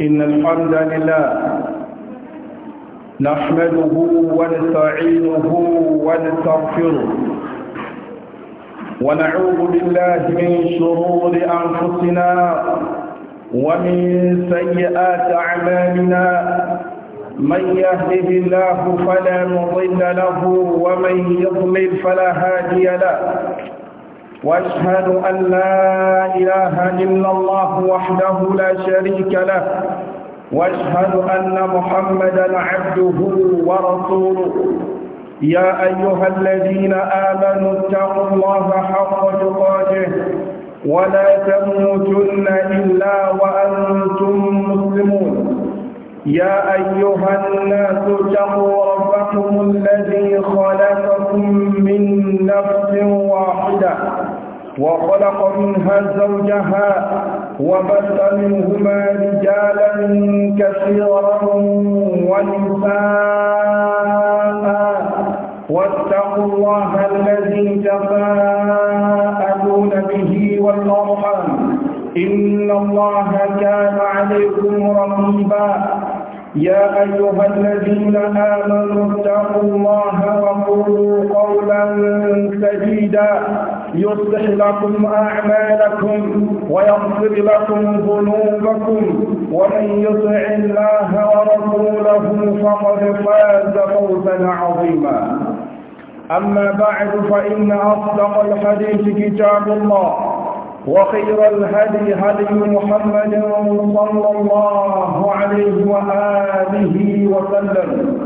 إن الحمد لله نحمده ونستعينه ونستغفره ونعوذ بالله من شرور أنفسنا ومن سيئات أعمالنا من يهده الله فلا مضل له ومن يضلل فلا هادي له واشهد ان لا اله الا الله وحده لا شريك له واشهد ان محمدا عبده ورسوله يا ايها الذين امنوا اتقوا الله حق تقاته ولا تموتن الا وانتم مسلمون يا ايها الناس اتقوا ربكم الذي خلقكم من نفس واحده وخلق منها زوجها وبث منهما رجالا كثيرا ونساء واتقوا الله الذي تفاءلون به والأرحم إن الله كان عليكم رقيبا يا أيها الذين آمنوا اتقوا الله وقولوا قولا سديدا يصلح لكم أعمالكم ويغفر لكم ذنوبكم ومن يطع الله ورسوله فقد فاز فوزا عظيما أما بعد فإن أصدق الحديث كتاب الله وخير الهدي هدي محمد صلى الله عليه وآله وسلم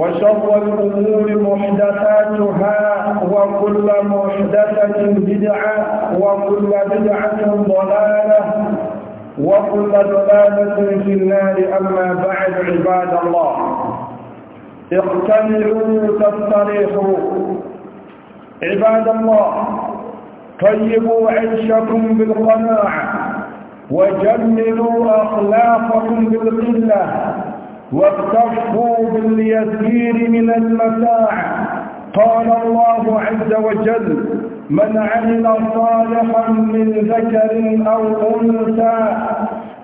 وشر الأمور محدثاتها وكل محدثة بدعة وكل بدعة ضلالة وكل ضلالة في النار أما بعد عباد الله اقتنعوا تستريحوا عباد الله طيبوا عيشكم بالقناعة وجملوا أخلاقكم بالقلة واقتصوا باليسير من المتاع قال الله عز وجل من عمل صالحا من ذكر أو أنثى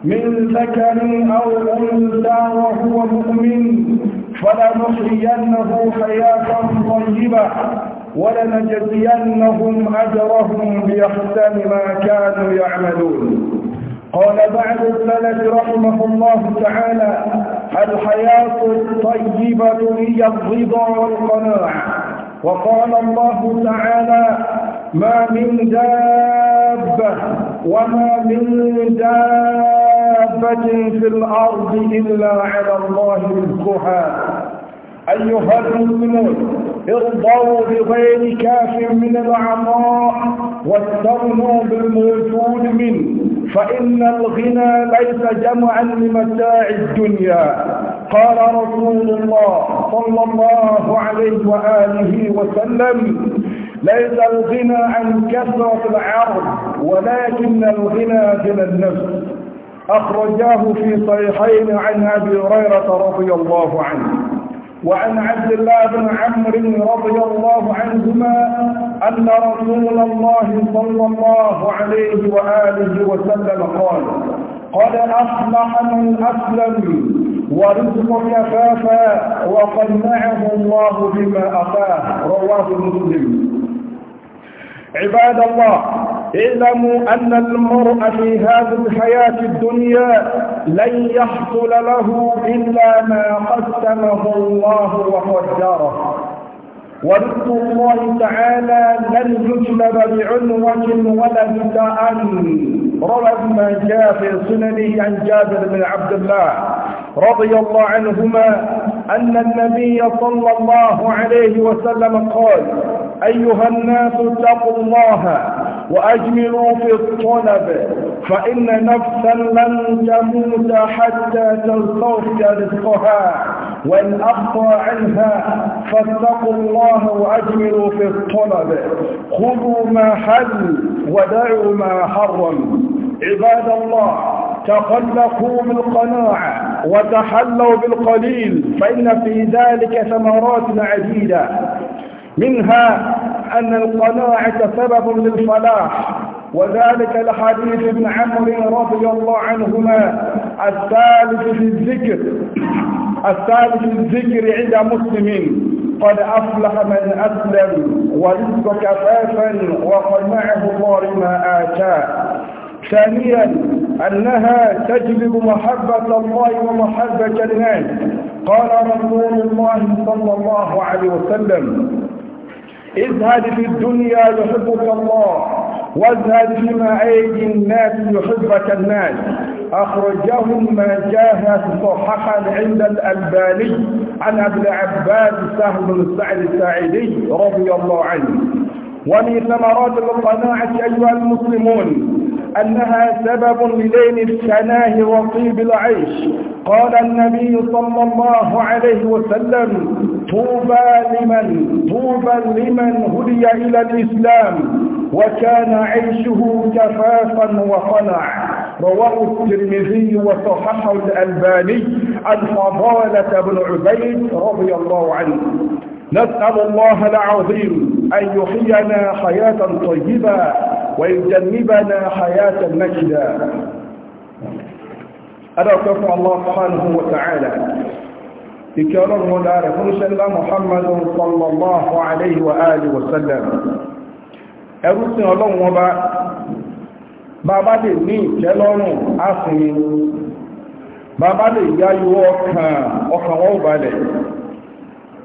من ذكر أو أنثى وهو مؤمن فلنحيينه حياة طيبة ولنجزينهم أجرهم بأحسن ما كانوا يعملون قال بعض السلف رحمه الله تعالى الحياة الطيبة هي الرضا والقناعة وقال الله تعالى ما من دابة وما من دابة في الأرض إلا على الله رزقها أيها المؤمنون ارضوا بغير كاف من العطاء واستغنوا بالموجود منه فإن الغنى ليس جمعا لمتاع الدنيا قال رسول الله صلى الله عليه وآله وسلم ليس الغنى عن كثرة العرض ولكن الغنى من النفس أخرجاه في صحيحين عن أبي هريرة رضي الله عنه وعن عبد الله بن عمرو رضي الله عنهما أن رسول الله صلى الله عليه وآله وسلم قال قد أصلح من أسلم ورزق كفافا وقنعه الله بما أتاه رواه مسلم عباد الله اعلموا أن المرء في هذه الحياة الدنيا لن يحصل له إلا ما قسمه الله وقدره ورزق الله تعالى لن يجلب بعنوة ولا بداء روى ابن جاء في سننه عن جابر بن عبد الله رضي الله عنهما أن النبي صلى الله عليه وسلم قال أيها الناس اتقوا الله وأجملوا في الطلب فإن نفسا لن تموت حتى تلقوك رزقها وإن أخطى عنها فاتقوا الله وأجملوا في الطلب خذوا ما حل ودعوا ما حرم عباد الله تخلقوا بالقناعة وتحلوا بالقليل فإن في ذلك ثمرات عديدة منها أن القناعة سبب للفلاح وذلك لحديث ابن عمرو رضي الله عنهما الثالث في الذكر الثالث في الذكر عند مسلم قد أفلح من أسلم ولد كفافا وقنعه الله ما آتاه ثانيا أنها تجلب محبة الله ومحبة الناس قال رسول الله صلى الله عليه وسلم اذهب في الدنيا يحبك الله واذهب في معايد الناس يحبك الناس أخرجه ما جاء صححا عند الألباني عن ابن عباس سهل بن سعد الساعدي رضي الله عنه ومن ثمرات القناعة أيها المسلمون أنها سبب للين الشناه وطيب العيش قال النبي صلى الله عليه وسلم طوبى لمن طوبى لمن هدي إلى الإسلام وكان عيشه كفافا وقنع رواه الترمذي وصححه الألباني عن فضالة بن عبيد رضي الله عنه نسأل الله العظيم أن يحيينا حياة طيبة ويجنبنا حياة نجدا أدعوكم الله سبحانه وتعالى ìkẹ́ọ̀lọ́ wọn lára fún ṣẹlá Muhammadu sallallahu alaihi wa alihi wa sallam ẹrùsìn ọlọ́run wọn bá bàbá lè ní ìkẹ́lọ́rùn áfìnrin bàbá lè yáyíwọ́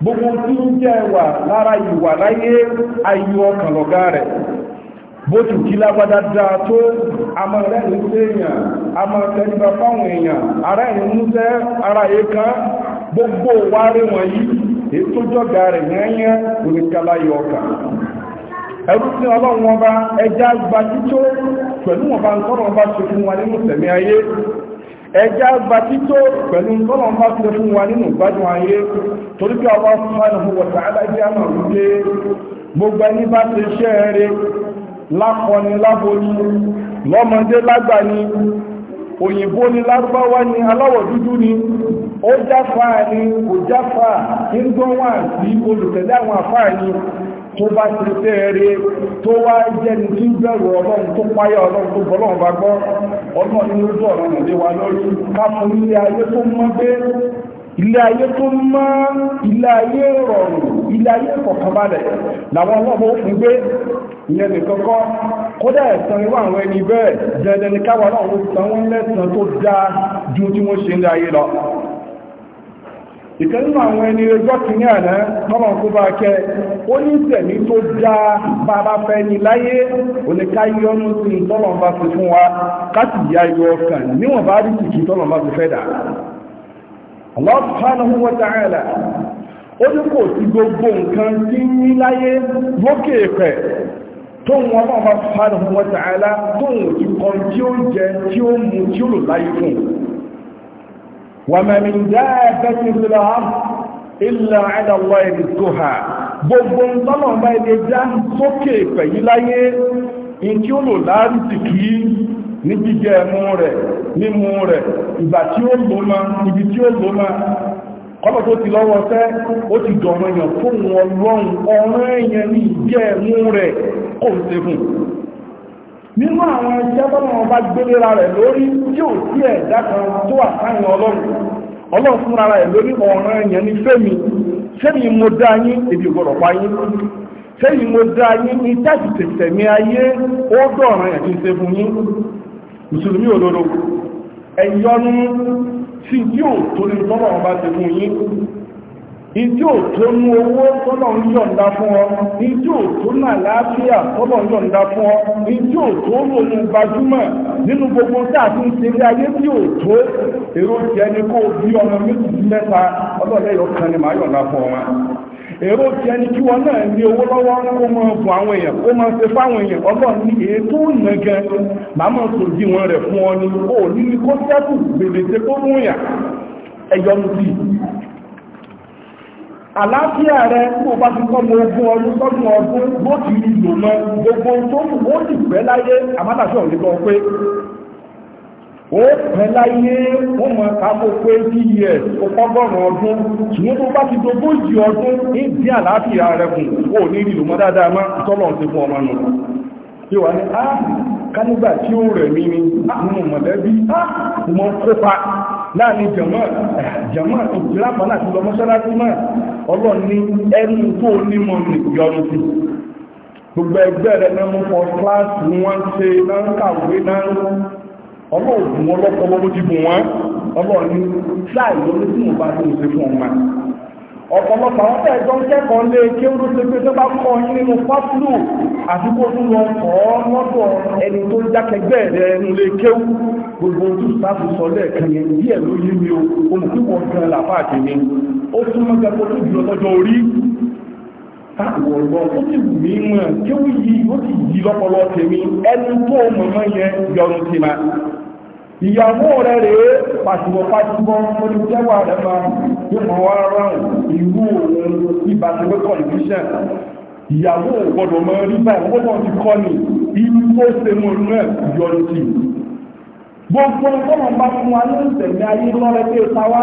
gbogbo tí ń jẹ́ ẹwà lára ìwà láyé ayé ọkàn lọ̀gá rẹ̀ bó ti kí lágbádá tó a máa rẹ́rìn sí èèyàn a máa tẹríba fáwọn èèyàn ara ẹ̀rin músẹ́ ara gbogbo wá rí wọ̀nyí ètò jọ́gà rẹ̀ yányán ẹrú sí ọlọ́run gbajú tó pẹ̀lú wọn ọba ṣe fún wa nínú ẹjá gba tító pẹ̀lú tọ́lọ̀n bá tilẹ̀ fún wa nínú gbádùn ayé torí pé Allah subhanahu wa ta'ala jẹ́ àmà gbogbo ẹni bá ti ṣẹ́ eré lákọni láboyún lọ́mọdé lágbà ni òyìnbó ni ni aláwọ̀ dúdú ni ó jáfà ni kò jáfà tó bá ti tẹ́ rí tó wá jẹ́ni tí bẹ̀rù ọlọ́run tó páyà ọlọ́run tó bọ́lọ́run bá gbọ́ ọlọ́run ní ojú ọ̀rọ̀ nàlé wa lórí káfún ilé ayé tó mọ́ gbé ilé ayé tó mọ́ ilé ayé rọrùn ilé ayé kọ̀kànbalẹ̀ làwọn ọlọ́run ó fún gbé ìyẹn nìkan kódà ẹ̀sán irú àwọn ẹni bẹ́ẹ̀ jẹ́jẹ́ káwà náà ó san lẹ́sàn tó dáa ju tí wọ́n ṣe ń lé ayé lọ ìkan nínú àwọn ẹni ẹjọ́ kìíní àná mọ́mọ́ kó bá kẹ́ ó ní tẹ̀mí tó já bàbá fẹ́ ní láyé oníká yọnu sí tọ́lọ̀ bá fi fún wa káti ìyá yọ ọkàn níwọ̀n bá rí tìkì tọ́lọ̀ bá fi fẹ́ dà Allah subhanahu wa ta'ala ó ní kò sí gbogbo nǹkan tí ní ta'ala tó ń òtún kan وما من دابة في الأرض إلا على الله gbogbo ń tọ́lọ̀ ọba ẹni já sókè pẹ̀yí láyé in tí ó lò láàrín ti kìí ní jíjẹ ẹmú rẹ̀ rẹ̀ ìgbà tí ó lò máa ibi tí ó lò máa kọ́lọ̀ ti lọ́wọ́ ó ti èèyàn ọlọ́run nínú àwọn ẹ̀ṣẹ̀ tọ́nà wọn bá gbélera rẹ̀ lórí tí ò sí ẹ̀dá kan tó wà sáyìn ọlọ́run ọlọ́run fúnra rẹ̀ lórí ọ̀ràn ẹ̀yàn ní fẹ́mi fẹ́mi mo dá yín èdè ògbọ́dọ̀ pa fẹ́mi mo dá yín ní táàkì tẹ̀tẹ̀ ayé ó dọ̀ràn ẹ̀yàn ṣe fún yín mùsùlùmí òdodo ẹ̀yọ́nú tí yóò tó tọ́nà wọn bá ṣe fún yín iji òtó mú owó tọ́lọ̀ ń yọ̀ǹda fún ọ ìdí òtó náà láàáfíà tọ́lọ̀ ń yọ̀ǹda fún ọ ìdí òtó gbogbo táàtì ń ṣeré ayé tí òtó èrò jẹ ní kó bí ọmọ méjì mẹ́ta ọlọ́lẹ́yọ̀ kan ni màá yọ̀ǹda fún èrò ní kí náà ní owó lọ́wọ́ kó fún àwọn èèyàn kó fáwọn èèyàn ní ètò wọn rẹ̀ fún ọ àlàáfíà rẹ tó bá ti kọ́ mọ ogún ọdún sọ́dún ọdún bó ti rí lò mọ gbogbo tó kù ó sì pẹ́ láyé àmátàṣọ́ òní kan pé ó pẹ́ láyé wọ́n mọ̀ ká mọ̀ pé kí yẹ ọgọ́rùn-ún ọdún ṣùgbọ́n tó bá ti dogójì ọdún ní dín àlàáfíà rẹ kù ó ní rí lò mọ́ dáadáa má tọ́lọ̀ ti fún ọmọ nù tí wà ní á ah, kánígbà tí ó rẹ̀ mí ni nínú ah, mọ̀lẹ́bí á ah, mọ̀ kópa láàrin jẹ̀mọ́ jẹ̀mọ́ ìjìlápọ̀ náà ti lọ mọ́ṣáláṣí náà ọlọ́run ní ẹnu tó nímọ̀ ní ìyọnu sí gbogbo ẹgbẹ́ rẹ̀ ní mú fọ kíláàsì ni wọ́n ń ṣe náà ń kàwé náà ọlọ́ọ̀dùn wọn lọ́kọ́ lọ́wọ́ dìbò wọn ọlọ́run ní láì lórí tí mo bá ní òṣè fún ọmọ ọ̀pọ̀lọpọ̀ àwọn tẹ̀ ẹ̀jọ́ ń kẹ́kọ̀ọ́ lé kí ó ló ṣe pé tó bá kọ́ yín nínú pápúlù àti kó tún lọ kọ́ lọ́dọ̀ ẹni tó jákẹgbẹ́ rẹ̀ ẹnu lé kéwú gbogbo ojú sáfù sọ lẹ́ẹ̀kan yẹn díẹ̀ ló yí mi o olùkíwọ̀ gan làfáàkì mi ó tún mọ́ gẹ́gẹ́ tó jùlọ tọ́jọ́ orí táwọ̀rọ̀ tó ti wù mí mọ̀ kí ó yí ó ti yí lọ́pọ̀lọ́ tèmi ẹni tó mọ̀mọ́ yẹn yọrùn ti ma ìyàwó rẹ̀ rẹ̀ pàṣíwọ̀ pàṣíwọ̀ oníjẹ́wà rẹ̀ ma yóò mọ̀ wá ráhùn ìlú òun ìbàṣẹ̀wẹ́ kọ̀lùmíṣẹ̀ ìyàwó gbọ́dọ̀ mọ́ rí báyìí ó gbogbo ìfọwọ́n bá fún wa ní ìsẹ̀mí ayé lọ́rẹ́ pé sáwá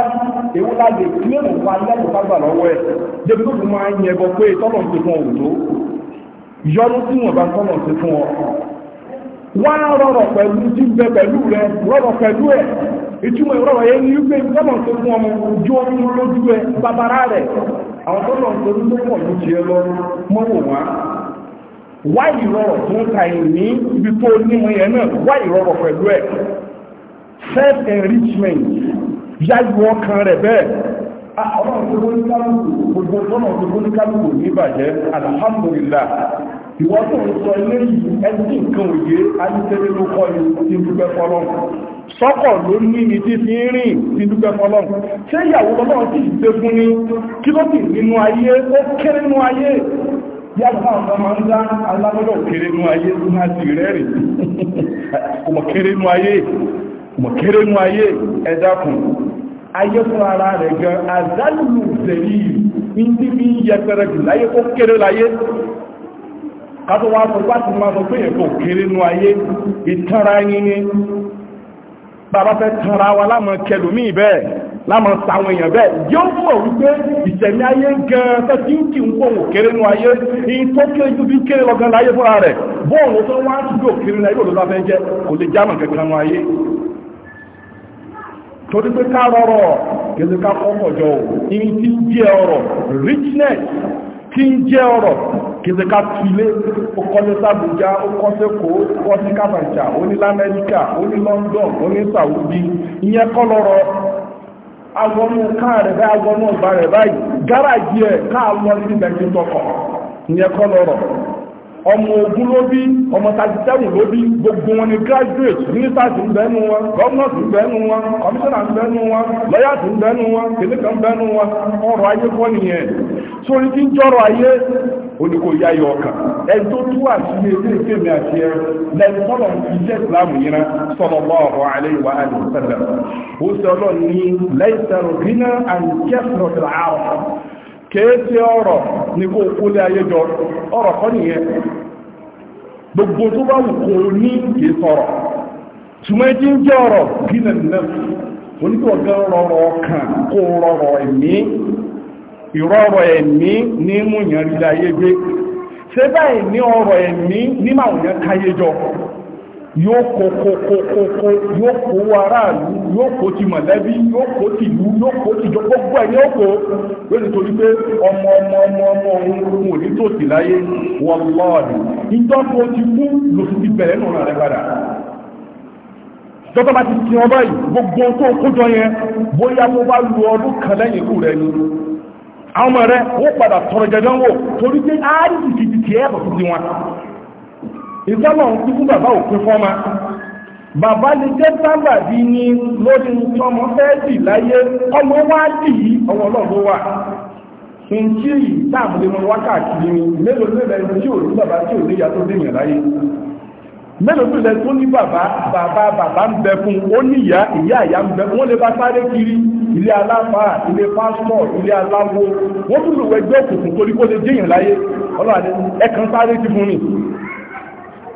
èwo la lè fi lè wà lẹ́nu fagbà lọ́wọ́ ẹ̀ débi tó fi máa ń yẹ pé tọ́lọ̀ ń fún ọ tó yọnu tí wọn bá tọ́lọ̀ ń fún ọ. wá rọrọ̀ pẹ̀lú jíjẹ pẹ̀lú rẹ rọrọ̀ pẹ̀lú ẹ̀ ìtumọ̀ ìrọ̀rọ̀ yẹn ni wípé tọ́lọ̀ ń fún ọmọ ojú omi lójú ẹ bàbára rẹ̀ àwọn tọ́lọ̀ ń fún tó pọ̀ ẹ lọ mọ́wọ́ wá ìrọ̀rọ̀ tó ń ka ìní ibi tó nímọ̀ yẹn náà wá ìrọ̀rọ̀ pẹ̀lú ẹ̀ self enrichment yáyú ọkàn rẹ̀ bẹ́ẹ̀ gbogbo tọ́nà gbogbo ní kálùkù ní ìbàjẹ́ alhamdulillah ìwọ́n tó ń sọ ilé yìí ẹni nǹkan òye ayíṣẹ́lẹ̀ ló kọ́ ni ti dúpẹ́ fọ́lọ́ sọ́kọ̀ ló ní ní tí fi ń rìn ti dúpẹ́ fọ́lọ́ ṣé ìyàwó lọ́nà tí ìgbé fún ní kí ló sì nínú ayé ó kéré nínú ayé yàtọ̀ àwọn ọmọ ń dá alámọ́lọ̀ kéré nínú ayé ó máa ti rẹ́rìn kò mọ̀ kéré nínú ayé mọ̀kẹ́rẹ́ mú ayé ẹ̀dàkùn ayé fún ara rẹ̀ gan azálùlù zẹ̀rí ní bí i yẹpẹrẹ jù láyé ó kéré láyé kátó wá sọ bá ti máa sọ pé ẹ̀kọ́ kéré nú ayé ìtara yín ni bàbá fẹ́ tara wa lámọ kẹlòmí bẹ́ẹ̀ lámọ sàwọn èèyàn bẹ́ẹ̀ yóò mọ̀ wípé ìṣẹ̀mí ayé gan fẹ́ ń kí ń pọ̀ kéré nú ayé ní tó kéré ju bí kéré lọ́gán láyé fúnra rẹ̀ bọ́ọ̀lù tó wá sí òkèrè náà yóò lọ́la jẹ́ kò lè jámọ̀ kankan nú ayé torí pé ká rọrọ̀ kìí ká kọ́kọ̀ jọ ò tí ń jẹ́ ọrọ̀ richness tí ń jẹ́ ọrọ̀ kìí ká tulé ó kọ́lé sábújá ó kọ́ sẹ́kọ̀ọ́ ó kọ́ lamẹ́ríkà ó London ó Saudi ìyẹn kọ́ lọ́rọ̀ agbọnú káà rẹ̀ báyìí agbọnú ọgbà rẹ̀ báyìí gáràjì ẹ̀ ọmọ ogun ló bí ọmọ tajitẹ́rù ló bí gbogbo wọn ni graduate ministers ń bẹ́nu wọn governors ń bẹ́nu wọn commissioners ń bẹ́nu wọn lawyers ń bẹ́nu wọn kìnìkan ń bẹ́nu wọn ọrọ̀ ayé kọ́ nìyẹn sórí tí ń jọrọ̀ ayé oníkó ya yọ ọkàn ẹni tó tú àṣìlẹ̀ ilé ìfẹ́mi àti ẹ lẹ́nu sọ́lọ̀ iṣẹ́ ìsìlámù yìí rán sọ́lọ̀ bá ọ̀rọ̀ alẹ́ ìwà àdìs sẹ́lẹ̀ ó sọ ọlọ́run ní lẹ́yìn sẹ́rọ̀ gíná àti kẹ́sìrọ̀ tẹ̀lá àrùn kéèsì ọ̀rọ̀ ní kó kólé ayéjọ ọ̀rọ̀ kọ́ nìyẹn gbogbo tó bá wù kó ní kìí sọ̀rọ̀ ṣùgbọ́n ẹjí ń jẹ́ ọ̀rọ̀ gínà náà onígbọ̀gán rọrọ̀ ọkàn kó rọrọ̀ ẹ̀mí ìrọ̀rọ̀ ẹ̀mí ní múyàn rí ayé yóò kó kó kó kó kó yóò kó aráàlú yóò kó ti mọ̀lẹ́bí yóò kó ti ìlú yóò kó ti ìjọ gbogbo ẹ̀ yóò kó yóò ní torí pé ọmọ ọmọ ọmọ ọmọ òun òun ò ní tòsí láyé wọn lọ́ọ̀dì ìjọ tó ti kú lòsì ti bẹ̀rẹ̀ nù rẹ̀ padà tọ́tọ́ bá ti ti wọn báyìí gbogbo tó kójọ yẹn bóyá mo bá lu ọdún kan lẹ́yìn ikú rẹ ni àwọn ọmọ rẹ ó padà tọrọ jẹjọ wò torí pé áàrùn ti ti ti ẹ̀ ìtọ́lọ̀ ń kúkú bàbá òkú fọ́mà bàbá lè jẹ́ sábà bí ní lórí ọmọ fẹ́ẹ̀dì láyé ọmọ wá dì í ọmọ ọlọ́run wà kí n tí yìí táàmù lè mọ wákàkiri ni mélòó lè lẹ tí ò ní bàbá tí ò ní ìyá tó dènìyàn láyé mélòó lè lẹ tó ní bàbá bàbá bàbá ń bẹ fún ó ní ìyá ìyá ìyá ń bẹ fún wọn lè bá sáré kiri ilé aláfàá ilé pásítọ̀ ilé aláwo wọn tún lè wọ ẹgbẹ́ òkùnkùn torí kó lè dènìyàn láyé ọlọ́run ẹ̀kan sáré ti fún mi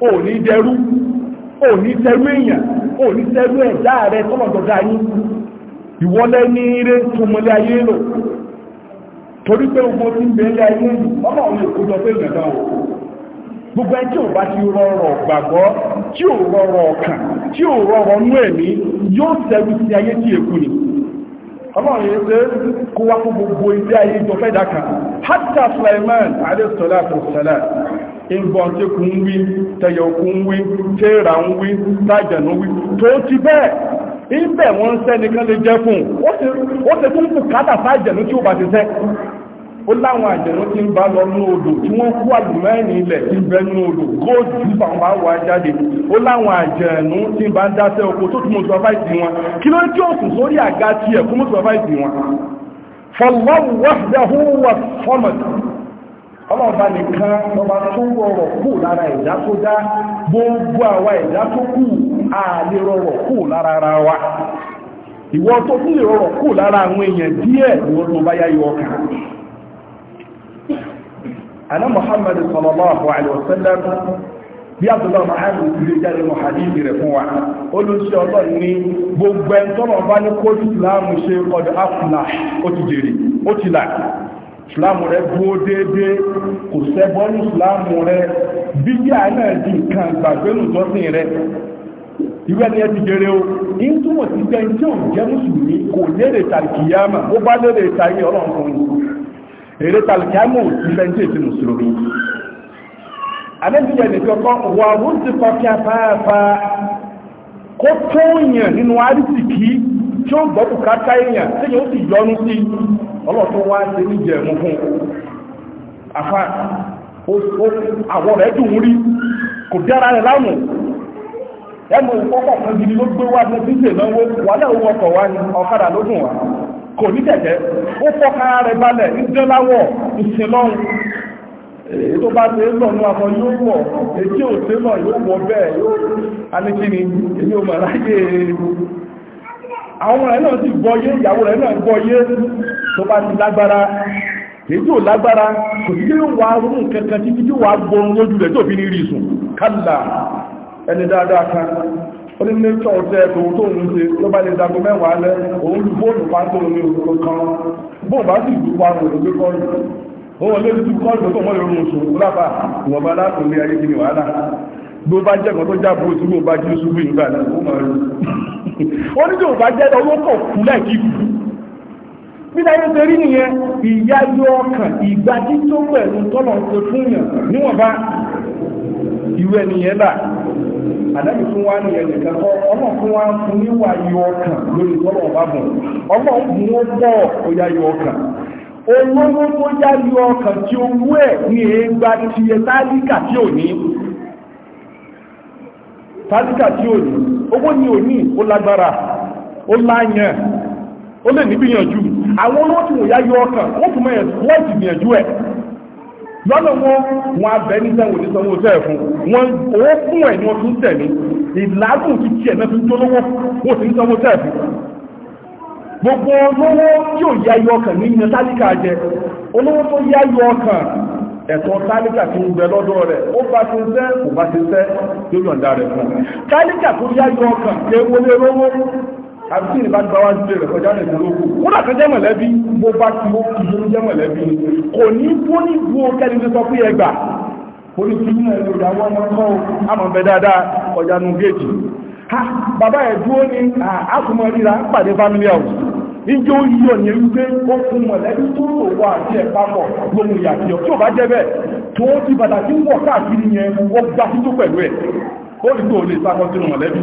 ò ní dẹrú ò ní tẹrú èèyàn ò ní tẹrú ẹ̀dá rẹ tọ́lọ̀dọ̀dá yín ìwọlẹ́ ní eré túnmọ́lé ayé lò torí pé ogun tí ń ọmọ pé gbogbo tí ò bá ti gbàgbọ́ tí ò ọkàn tí ò ẹ̀mí yóò tẹrú sí ọlọ́run yìí pé kó wá fún gbogbo ilé ayé tó fẹ́ dákà hatta Sulaiman alaihissalatu wassalam ìbọn tí kù ń wí tẹyọkù ń wí tẹ́ra ń wí tájànú wí tó ti bẹ́ẹ̀ ìbẹ̀ wọ́n sẹ́nìkan lè jẹ́ fún ó ṣe fún bùkátà tájànú tí ó bá ti sẹ́ ó láwọn àjẹ̀rú tí ń bá lọ ní odò tí wọ́n kú àlùmọ́ẹ̀nì ilẹ̀ tí ń bẹ ní odò góòdù tí bàbá wà jáde ó láwọn àjẹ̀rú tí ń bá ń dáṣẹ́ oko tó tún mọ̀ sọ́fáìsì wọn kí ló tí ó sùn sórí àga tí ẹ̀ fún mọ̀ sọ́fáìsì wọn fọlọ́wù wáṣẹ́hù wà fọ́mọ̀tì ọlọ́ọ̀bá nìkan ọba tó rọrọ̀ kù lára lára wa ìwọ tó tún lè rọrọ̀ kù lára àwọn èèyàn díẹ̀ ìwọ tó bá yá yọ ọkàn ana Muhammad sallallahu alaihi wasallam bí àtúntà màálù ilé jáde mọ̀ hadithi rẹ̀ fún wa olùsí ọlọ́run ní gbogbo ẹni tọ́lọ̀ bá ní kó ìsìláàmù ṣe kọ́dọ̀ áfùlà ó ti jèrè ó ti là ìsìláàmù rẹ̀ kò sẹ́bọ́ ní rẹ̀ gbàgbénù rẹ̀ èrè tàlùkìámù ìfẹ́ntì èsì mùsùlùmí anábìyà nìkan kọ́ wà wọ́n ti kọ́ kí afáfá kó tó yàn nínú àrísìkí tí ó gbọ́ èèyàn tí yóò sì yọnu sí ọlọ́tún wá ṣe ní jẹ̀mú fún afá àwọn rẹ̀ dùn rí kò dára rẹ̀ láàmù ìkọ́kọ̀ kan gidi ló gbé wá ní náwó wà náà wá ní ọ̀kadà lódùn wá kò ní tẹ̀tẹ̀ ó fọ́ká rẹ̀ balẹ̀ ìjọláwọ̀ ìsinlọ́run èyí tó bá lọ ní yóò wọ̀ èyí ò yóò wọ bẹ́ẹ̀ èyí ò àwọn rẹ̀ náà gbọ́yé ìyàwó rẹ̀ náà gbọ́yé tó bá ti lágbára èyí ò lágbára kò sí yóò wá rún kankan títí wà gbọ́n lójú rẹ̀ tó fi ní orí nẹ́tọ̀ ọ̀tẹ́ ẹ̀tọ̀wò tó ń ṣe ló bá lè dago mẹ́wàá lẹ́ òun lù bóòlù pa tó ní orúkọ kan bóòlù bá sì lù pa òun òun lè lù kọ́ọ̀lù tó mọ́ ìrún oṣù lápá ìwọ̀n bá láti ní ayé kí wàhálà bá jẹ́ àdáyé fún wa ní ọmọ fún wa fún ọkàn lórí ọba bọ̀ ọmọ ó bọ̀ ó yá ọkàn olówó tó yá ọkàn tí owó ẹ̀ ní ẹgbà ẹ tálíkà tí ò ní tálíkà tí ò ní owó ni ò ní ó lágbára ó láyàn ó lè nígbìyànjú àwọn olówó tí yá ọkàn wọ́n ẹ̀ wọ́n ti gbìyànjú ẹ̀ lọ́nà wọn wọn abẹ ní sẹ́wọ̀n ní sanwó sẹ́ẹ̀ fún wọn owó fún ẹ̀ ni wọ́n tún tẹ̀ ní ìlàágùn ti tiẹ̀ náà fi jólówó wọ́n sì ń sanwó sẹ́ẹ̀ fún gbogbo olówó tí ò yá yọ ọkàn ní ìyẹn tálíkà jẹ olówó tó yá yọ ọkàn ẹ̀tọ́ tálíkà tó ń bẹ lọ́dọ̀ rẹ̀ ó bá ti sẹ́ kò bá ti sẹ́ yóò yọ̀ǹda rẹ̀ fún tálíkà tó yá yọ ọkàn kéwọlé lówó àbí tí ìbá gbáwá sí rẹ̀ kọjá lè dúró kù wọ́n dàtọ́ jẹ́ mọ̀lẹ́bí mo bá ti mọ́ kì í jẹ́ mọ̀lẹ́bí kò ní bó ní bú o kẹ́ni tó sọ pé ẹgbà kò ní kí nínú ẹ̀rọ ìyàwó ọmọ kọ́ àmọ̀ bẹ dáadáa kọjá nu géèjì ha bàbá ẹ̀ dúró ní àkùnmọ̀ ríra pàdé family house ìjọ yíyọ ní wípé ó fún mọ̀lẹ́bí tó rò wá àti ẹ̀ papọ̀ lóhun ìyàtìyọ tí ò bá jẹ́ bẹ́ẹ̀ tó ti bàtà tí ń wọ̀ káàkiri yẹn wọ́n gbá títú pẹ̀lú ẹ̀ ó rí pé ò lè sá kọ́ sínú mọ̀lẹ́bí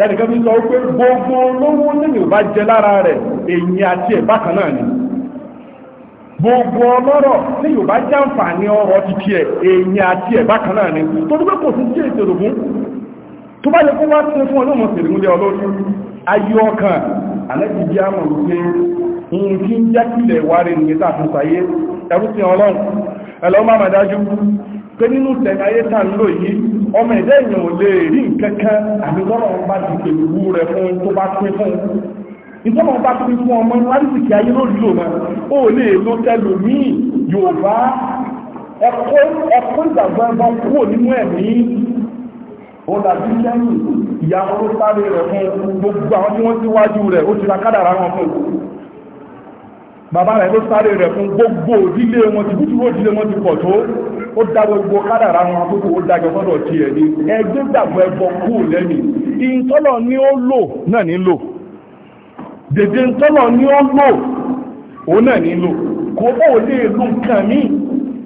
lẹ́nìkan fi sọ pé gbogbo olówó lẹ́yìn bá jẹ lára rẹ̀ èyí àti ẹ̀ bákan náà ni gbogbo ọlọ́rọ̀ ní yorùbá jàǹfààní ọrọ̀ títí ẹ̀ èyàn àti ẹ̀ bákan náà ni tó dúpẹ́ kò sí tí èsè ògùn tó bá lè kó wá tí fún ọlọ́mọ sèrìmúlẹ̀ olórí ayé ọkàn alẹ́bí bí a mọ̀ wípé ohun tí ń jákìlẹ̀ wárí nìyẹn tààfin sàyé ẹrú sí ọlọ́run ẹlọ́mọ àmàdájú pé nínú tẹ̀lé ayé tá ń lò yìí ọmọ ẹ̀dá èèyàn ò lè rí nǹkankan àti tọ́lọ̀ ń bá ti pèlú wú rẹ̀ fún tó bá pín fún ìtọ́lọ̀ bá pín fún ọmọ lásìkò ayé ló lò mọ́ ó lè lo tẹ́lò míì Yorùbá ẹ̀kọ́ ẹ̀kọ́ ìgbàgbọ́ ẹ̀gbọ́n kúrò ìyá ọlọ́sáré rẹ̀ fún gbogbo àwọn tí wọ́n síwájú rẹ̀ ó ti ra kádàrá wọn fún bàbá rẹ̀ ló sáré rẹ̀ fún gbogbo òdílé wọn ti bútúrú òdílé wọn ti pọ̀ tó ó dá gbogbo kádàrá wọn àkókò ó dájọ sọ́dọ̀ tí ẹ̀ ní ẹgbẹ́ gbàgbọ́ ẹbọ kú lẹ́nu ìntọ́lọ̀ ni ó lò náà nílò dèdè ìntọ́lọ̀ ni ó lò òun náà nílò kò ó lè lù nǹkan míì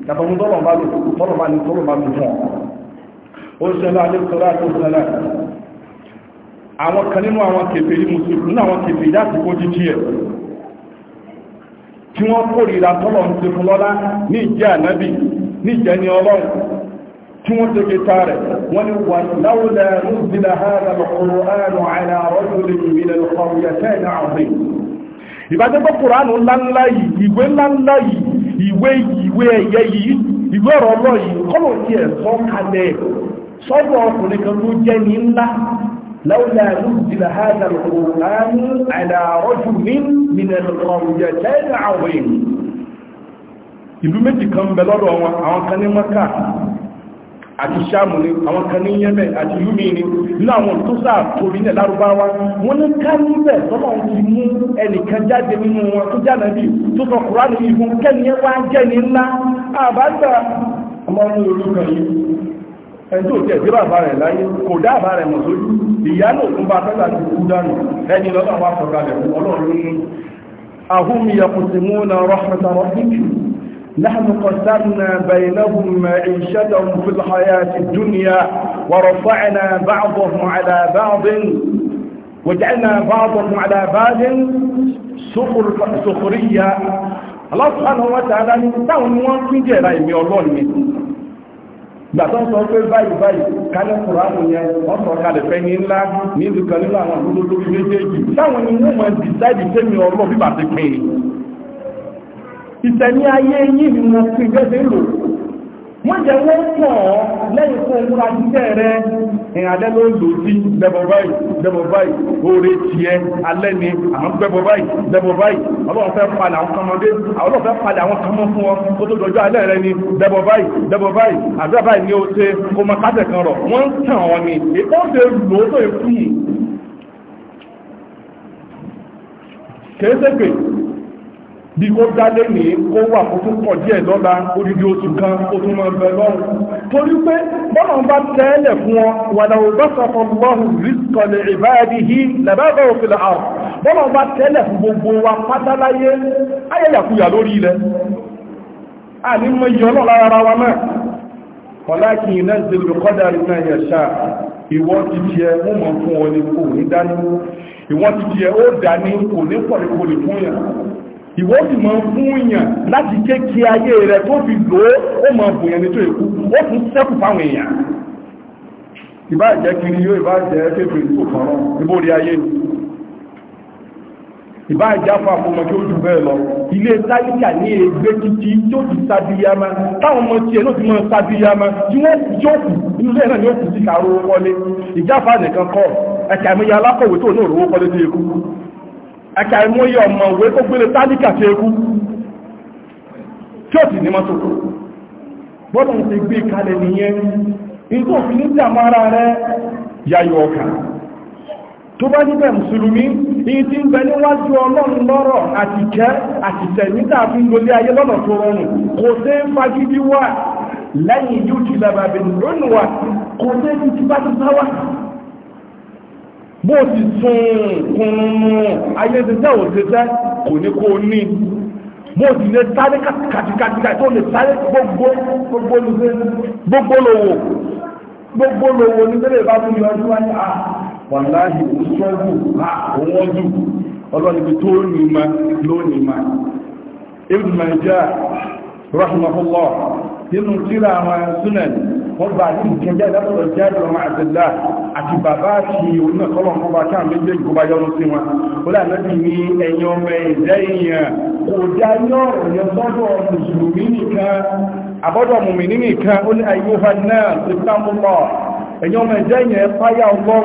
yàtọ̀ fún tọ́lọ̀ bá lò tọ́lọ̀ bá ní tọ́lọ̀ bá lò fún ọ ó ṣẹlẹ̀ alẹ́sọ́lá tó ṣẹlẹ̀ àwọn kan nínú àwọn kèfèrí mùsùlùmí àwọn kèfèrí láti kó jíjí ẹ̀ tí wọ́n kórìíra tọ́lọ̀ ń ṣe fún lọ́lá ní ìjẹ́ ànábì ní ìjẹ́ ni ọlọ́run tí wọ́n ṣe kẹta rẹ̀ wọ́n ni wà láwùlẹ̀ nùzílà hàrà lọ́kọ̀rọ̀ ààrùn àìlà àrọ́jù lè ìrìnlẹ̀ lọ́kọ̀rọ̀ yẹ̀tẹ́ ìnà àwìn ìbájẹ́gbọ́ لولا نزل هذا القرآن على رجل من القريتين عظيم ìlú méjì kan bẹ lọ́dọ̀ wọn àwọn kan ní mọ́ká àti sáàmù ni àwọn kan ní yẹ́mẹ̀ àti yúmi ni nínú àwọn tó sáà torí ní lárúbáwá wọ́n ní ká níbẹ̀ tọ́lọ̀ ń ti mú ẹnìkan jáde nínú wọn tó jáde bí tó sọ kùránì ìfún kẹ́ni wá jẹ́ ní ńlá àbáta ọmọ orí olúkan yìí ẹni tó tẹ̀ sí bàbá rẹ̀ láyé kò dá bàbá rẹ̀ mọ̀ sójú ìyá náà tún bá fẹ́lá ti kú dánù ẹni lọ́nà wá sọ̀kalẹ̀ fún ọlọ́run ní ahum yakusimuna rahmata rabbiki نحن قسمنا بينهم معيشتهم في الحياة الدنيا ورفعنا بعضهم على بعض وجعلنا بعضهم على بعض سخر سخرية الله سبحانه وتعالى نتاهم وانكين جيرا يمي الله gbàtọ́ sọ pé báyìí báyìí kálẹ̀ kùránù yẹn wọ́n sọ kalẹ̀ fẹ́ ní ńlá ní ìlú nínú àwọn méjèèjì táwọn ni wọ́n mọ̀ dìsáìdì sẹ́mi ọlọ́ bí bàtí pín in ayé yìí ni mo fi gbẹ́sẹ̀ lò wọ́n jẹ́ wọ́n pọ̀ lẹ́yìn fún ìmúra títẹ́ rẹ ìrìnàdẹ́ ló lò sí lẹ́bọ̀ báyìí lẹ́bọ̀ báyìí oore tiẹ̀ alẹ́ ni àwọn gbẹ́bọ̀ báyìí lẹ́bọ̀ báyìí ọlọ́run fẹ́ palẹ̀ àwọn kọmọdé ọlọ́run fẹ́ palẹ̀ àwọn kọmọ fún ọ kó tó dọjọ́ alẹ́ rẹ ni lẹ́bọ̀ báyìí lẹ́bọ̀ báyìí àdúrà báyìí ni ó ṣe kó mọ kásẹ̀ kan rọ̀ wọ́n ń tàn ọ́ ni ìtọ́ ṣe lò ó tó ìfún yìí kèé bí kó dálé ní kó wà kó tún pọ̀ díẹ̀ lọ́la odidi oṣù kan ó tún mọ́ ẹgbẹ̀ lọ́rùn torí pé bọ́nà bá tẹ́lẹ̀ fún wọn wà náà bá sọ̀tọ̀ lọ́rùn rísọ̀lẹ̀ ìbáyàdì hí lẹ́bẹ̀ẹ́bẹ̀ òfin àrùn bọ́nà bá tẹ́lẹ̀ fún gbogbo wa pátáláyé ayẹyàkuyà lórí ilẹ̀ àní mọ iye ọlọ́la ara wa náà ọ̀láàkì iná zèlú kọ́dàrí náà yẹ ṣáà ìwọ́n ti tiẹ̀ mú mọ̀ fún ọ ní kò ní dání ìwọ́n ti tiẹ̀ ó dání kò ní pọ̀lẹ̀kọ̀lẹ̀ fún yàn ìwọ sì máa fún yàn láti ké kí ayé rẹ tó fi lò ó ó máa bùn yàn nítorí ikú ó tún sẹ́kù fáwọn èèyàn ìbá jẹ́ kiri yóò ìbá jẹ́ kéfèé tó kọ̀ọ̀rọ̀ ìbórí ayé ìbá ìjáfà ọmọ tí ó jù bẹ́ẹ̀ lọ ilé táyíkà ní ẹgbẹ́ títí tó ti sábíyámá táwọn ọmọ tí ẹ ló ti mọ́ sábíyámá tí wọ́n kù tí ó kù inú ilé náà ni ó kù sí kàró wọlé ìjáfà nìkan kọ́ ẹ̀kà ìmúyà alákọ̀wé tó ní òrówó kọ́lé tó yẹ ẹ̀ka ìmúyẹ ọmọ òwe kó gbélé tálíkà tí ekú tí ó ti ní mọ́tò gbọ́dọ̀ ti gbé kalẹ̀ nìyẹn nítorí òfin ní ìjàmọ́ ara rẹ yayọ ọkà tó bá níbẹ̀ mùsùlùmí ní ti ń bẹ níwájú ọlọ́run lọ́rọ̀ àtìkẹ́ àtìtẹ̀ ayé lọ́nà tó rọrùn kò sí ń wà lẹ́yìn yóò ti lábàbẹ̀ lónìí wà kò sí ti bó ti tún kúnnú ayé ṣiṣẹ́ ò ṣiṣẹ́ kò ní kó ní bó ti lè sáré kàtìkàtìkà tó lè sáré gbogbo gbogbo lòwò gbogbo lòwò ní tẹ́lẹ̀ bá tún yọ ọdún wáyé à ah, wàláhì òṣùwọ́gbù à ah, òun ọdún ọlọ́nibi tó ní ma lónìí ma ibùdó nàìjíríà Allah nínú tíra àwọn sunan wọ́n bá ní ìkẹjẹ́ látọ̀rọ̀ jáde ọmọ àtẹ́lá àti bàbá àti onínàkọ́lọ̀ ọmọ káà méjèèjì kó bá yọ́nú sí wọn ó lànàbí ní ẹ̀yìn ọmọ ẹ̀dẹ́ èèyàn kò dá yọ́rọ̀ yẹn sọ́dọ̀ mùsùlùmí nìkan àbọ́dọ̀ mùmìnì nìkan ó ní àyíwá náà ti sámúlọ̀ ẹ̀yìn ọmọ ẹ̀dẹ́ èèyàn fáyà ọlọ́run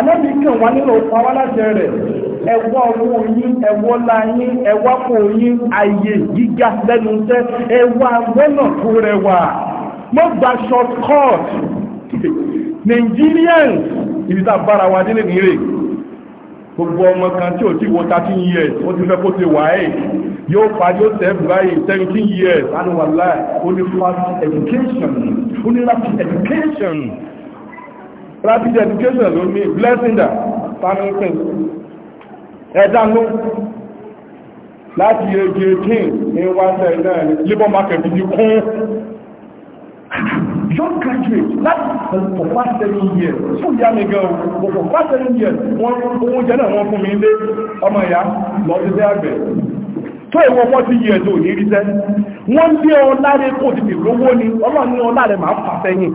anábì kàn wá nínú ọ̀pá láṣẹ rẹ̀ ẹ̀wọ́ owó yín ẹ̀wọ́ láyín ẹ̀wọ́ kò yín ayé gíga lẹ́nu iṣẹ́ ẹ̀wọ́ agbọ́nà tó rẹwà mọ́ gba short cut Nigerians ibi tá bára wa délé nírè gbogbo ọmọ kan tí ò tí wọ 13 years ó ti fẹ́ kó ti wà ẹ̀ yóò parí ó tẹ́ báyìí 17 years anúwàlá ó ní fast education ó ní rapid education rapid education ló ní blessing da family things ẹ̀dánú láti age 18 ní labour market ti kún young graduate láti for past 7 years fún ìyá mi gan mo past years wọ́n owó jẹ́ náà wọ́n fún mi lé ọmọ ìyá lọ sí sí àgbẹ̀ tó ìwọ̀n wọ́n ti tó ní rí sẹ́ wọ́n ń gbé ọ láre kò lówó ni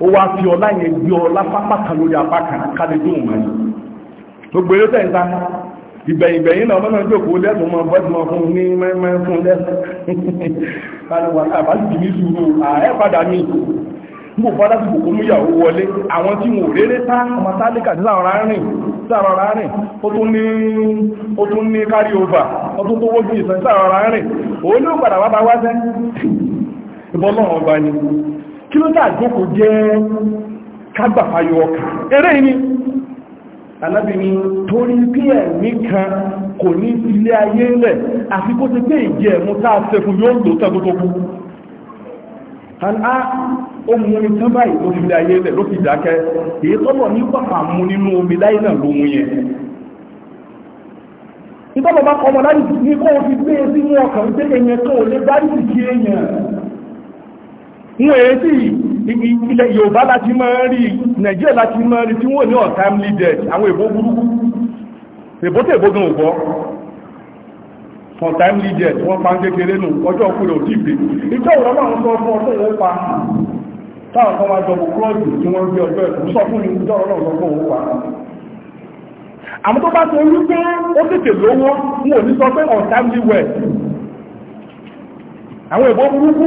ó wá fi ọlá yẹn gbé ọlá pápá lórí apá kan tó mọ̀ ní gbogbo eré tẹ̀sán ìgbẹ̀yìngbẹ̀yìn náà mọ́nà lẹ́sùn mọ́ bọ́dún ọkùn ní mẹ́mẹ́ fún lẹ́sùn láàrín àbájì sí àwọn tí wọ́n réré tá ọmọ sàrọ̀ rárìn sàrọ̀ rárìn ó tún ní kárí kí ló tàà jókòó jẹ́ kágbàfàyọ ọkà eré ní anábì ni torí pí ẹ̀mí kan kò ní ilé ayé lẹ̀ àfi kó ti pé ìjẹ ẹ̀mú tàà sẹ́fún yóò lò tẹ́gbótógún ó mú ní tán báyìí ló fi ilé ayé lẹ̀ ló fi dákẹ́ èyí ní pàpà mú nínú omi láyé náà ló mú yẹn ìtọ́lọ̀ bá kọmọ láyé ní kó o fi gbé e sínú ọkàn pé wọ́n èyí tí ilẹ̀ Yorùbá láti mọ́ rí Nàìjíríà láti mọ́ rí tí wọ́n ní ọ̀tám leaders àwọn èbó burúkú èbó tẹ́ èbó gan ògbọ́ ọ̀tám leaders wọ́n pa ń kékeré nù ọjọ́ òkúrò tí ìpé ìjọ́ ìrọ́lọ́run sọ fún ọdún ó pa táwọn kan wá jọmọ kúrọ́ọ̀dù tí wọ́n gbé ọjọ́ ìkú sọ fún ìjọ́ ìrọ́lọ́run sọ fún òun pa àmọ́ tó bá sọ wípé ó tètè lówó wọn ò ní sọ pé ọ̀tám leaders àwọn èbó burúkú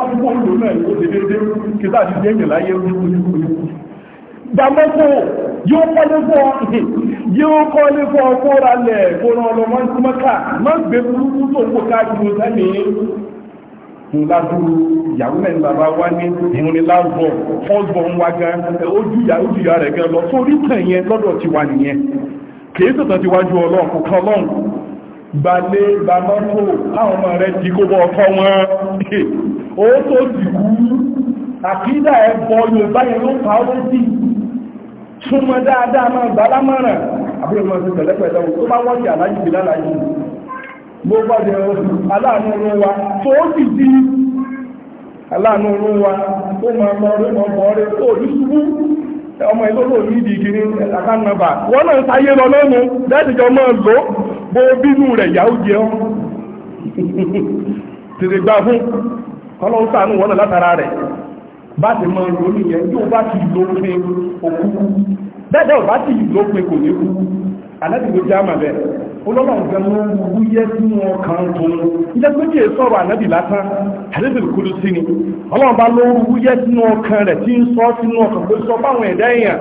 pápúpọ̀ òjò náà ó ti dédé kìtà àti jẹ́yìn láyé gbàmọ́kò yóò kọ́lé fún ọ yóò kọ́lé fún ọ kó ra lẹ̀ kó ràn ọ lọ mọ́ sí mọ́kà má gbé burúkú tó kó káàkiri sẹ́ni ńládúró ìyàwó mẹ́rin bàbá wá ní ìrìnláàbọ̀ fọ́sbọ̀ ń wá gan ojú ìyàwó ìyá rẹ̀ gan lọ sórí tàn yẹn lọ́dọ̀ ti wà nìyẹn kìí tọ̀tọ̀ ti wájú ọlọ́run kan lọ́run gbalé gbamọ́tò àwọn ọmọ rẹ̀ ti kó bọ́ ọkọ wọn ó tó dìkú àkídà ẹ̀bọ yorùbá yẹn ló pa ó sí súnmọ́ dáadáa máa gbà lámọ̀ràn àbúrò máa ti tẹ̀lé pẹ̀lú tó bá wọ́n ti aláàjì bí lálàájì ló bá aláàánú wa tó ó sì di aláàánú wa ó máa ọmọ rẹ tó ṣubú ọmọ ìdí náà sáyé lọ lọ́nu kọ́lọ́n sàánú wọ́n látara rẹ̀ bá ti mọ ìròyìn yẹn yóò bá ti lópin òkú bẹ́ẹ̀dẹ́ ò bá ti lópin kò ní kú anábìgbé jẹ́ àmà bẹ́ẹ̀ olólùwọ̀n gan mú wú yẹ sí wọn kan tó ń ilẹ̀ pé kí èso ọ̀rọ̀ ànábì lásán àdébìrì kudu sí ni ọlọ́run bá ló wú yẹ sínú ọkàn rẹ̀ tí ń sọ sínú ọkàn pé sọ báwọn ẹ̀dá èèyàn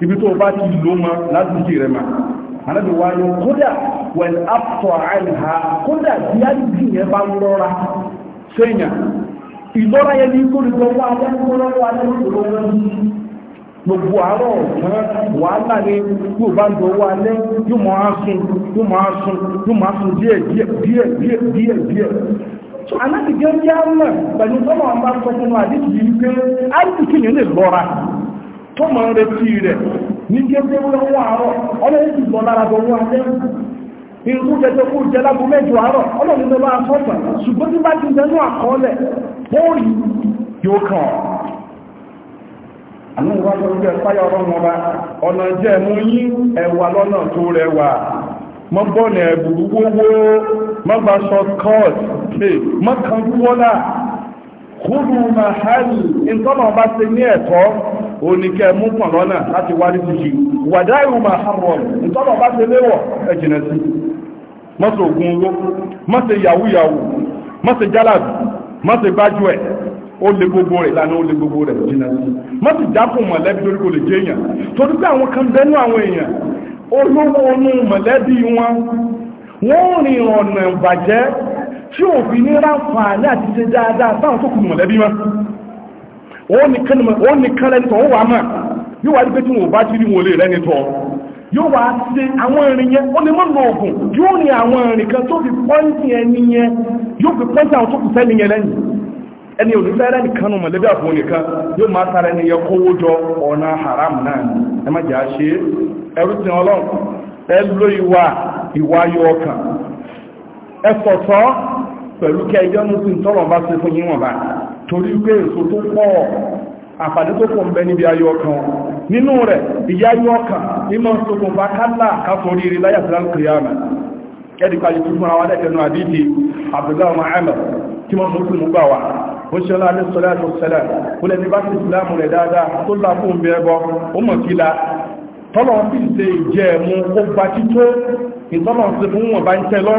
ibi tó bá ti lò mọ́ láti jì rẹ̀ máa ànábì wa ni kódà wẹ̀l àpọ̀ àìhà kódà bí a jù yẹn bá ń lọ́ra sẹ́yìn ìlọ́ra yẹn ní kórìkọ́ wá lẹ́kọ́rọ́ wá lẹ́kọ́rọ́ wá gbogbo àárọ̀ ọ̀sán wàhálà ni yóò bá ń do owó alẹ́ yóò mọ̀ á sun yóò mọ̀ á sun yóò mọ̀ á sun díẹ̀ díẹ̀ díẹ̀ díẹ̀ díẹ̀ díẹ̀ so anáti jẹ́ bí àmà pẹ̀lú tọ́mọ̀ àwọn bá sọ fún wa àdìsí yìí pé àdìsí yẹn lè lọ́ra tọ́mọ̀ ń retí rẹ̀ ní gẹ́gẹ́ wọ́n àárọ̀ ọlọ́run ti lọ lára bọ̀ wọ́n alẹ́ irú jẹjẹ kó jẹ lágbo mẹ́jọ àárọ̀ ọlọ́run ló bá sọ́tọ̀ ṣùgbọ́n tí bá ti jẹnú àkọọ́lẹ̀ bóòlù yóò kàn àmì ìwájú ọjọ́ ìpáyà ọlọ́run ọba ọ̀nà jẹ́ mú yí ẹ̀wà lọ́nà tó rẹwà mọ́ bọ́ọ̀lù ẹ̀bùrú gbogbo mọ́ gba shortcut mọ́ kan kúọ́lá kúrú màhálì ìtọ́nà ọba ṣe ní ẹ̀tọ́ oníkẹ́ mú pọ̀ lọ́nà láti wá ní ṣíṣí wàdá ìhùmà àmọ̀ ìtọ́lọ̀ bá ṣe léwọ̀ ẹ jìnà sí mọ́sẹ̀ ògùn owó mọ́sẹ̀ yàwó yàwó mọ́sẹ̀ jálàbì mọ́sẹ̀ gbájú ẹ̀ ó lè gbogbo rẹ̀ lánàá ó lè gbogbo rẹ̀ jìnà sí mọ́sẹ̀ jákùn mọ̀lẹ́bí torí kò lè jẹ́ èèyàn torí pé àwọn kan bẹ́nu àwọn èèyàn olówó onú mọ̀lẹ́bí wọn wọ́n rìn ọ̀nà ìbàjẹ́ tí òfin ní ráǹfààní àti ṣe dáadáa sáwọn tó kù mọ̀lẹ́bí wọn wọ́n nìkan lẹ́ni tọ́ wọ́n wà máa yóò wá dípé tí wọ́n bá jírí wọlé lẹ́ni tọ́ yóò wá sí àwọn ìrìn yẹn ó lè mọ́ lọ ògùn yóò ní àwọn ìrìn kan tó fi pọ́ǹtì ẹni yẹn yóò fi pọ́ǹtì àwọn tó kù sẹ́ni yẹn lẹ́yìn ẹni olùfẹ́ lẹ́ni kanú mọ̀lẹ́bí àfún nìkan yóò máa sára ẹni yẹn kówó haram náà ẹ má jẹ́ àṣe ẹrú ti ọlọ́run ẹ ló ìwà ìwà ayọ̀ ọkàn ẹ sọ̀tọ̀ pẹ̀lú kẹjọ́ mú sí tọ́lọ̀ bá ṣe fún yíwọ̀n torí pé èso tó pọ̀ àpàdé tó pọ̀ ń bẹ níbi ayọ̀ ọkàn nínú rẹ̀ ìyá ayọ̀ ọkàn mímọ̀ ṣokùnfà kálà kásorí rí láyà sí lákìyàmà ẹ̀dìkà yìí tún fún àwọn adẹ́kẹ̀ẹ́nu àdíjì Abdullahi Muhammad tí wọ́n mú sí mú gbà wá òṣèlú alẹ́sọ̀lẹ́sọ sẹ́lẹ̀ kó lẹ́ni bá sí ìsìlámù rẹ̀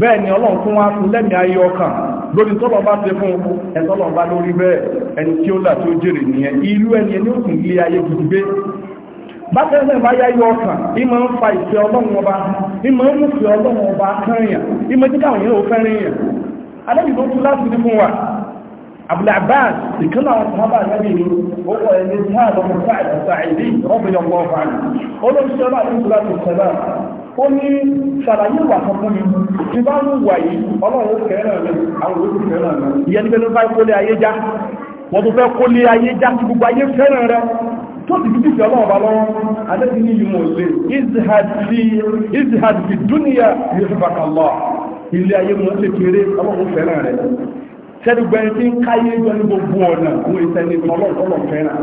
bẹ́ẹ̀ ni ọlọ́run fún wa fún lẹ́mìí ayé ọkàn lórí tọ́lọ̀ bá ti fún ẹ̀tọ́lọ̀ bá lórí bẹ́ẹ̀ ẹni tí ó là tó jèrè nìyẹn irú ẹni ẹni ó sì ilé ayé gidi gbé bákẹ́lẹ̀ bá yáyọ ọkàn ìmọ̀ ń fa ìfẹ́ ọlọ́run ọba ìmọ̀ ń mú ìfẹ́ ọlọ́run ọba kányà ìmọ̀ tí káwọn yóò fẹ́ rìn yàn alẹ́bí tó tún láti ní fún wa Abdul Abbas ìkánná àwọn sàhábà lẹ́bí ni ó kọ ẹni tí a lọ fún sáà ìdí rọ́bìnrin ọgbọ́n fún àná olóòṣìṣẹ́ ọlọ́run tó láti sẹ́lá ó ní ṣàlàyé wà kan fún mi tí bá ń wà yìí ọlọ́run fẹ́ràn mi àwọn olóògùn fẹ́ràn mi ìyẹn ní pẹ́lú báyìí kólé ayé já wọ́n tó fẹ́ kólé ayé ti gbogbo ayé fẹ́ràn rẹ ní ìmọ̀ òṣè izhad fi dúnìyà yorùbá ilé ayé mọ́ lè kéré ọlọ́run fẹ́ràn rẹ sẹ́dùgbẹ́ni tí ń káyé jọ ní gbogbo ọ̀nà òun ìsẹ́ni ọlọ́run fẹ́ràn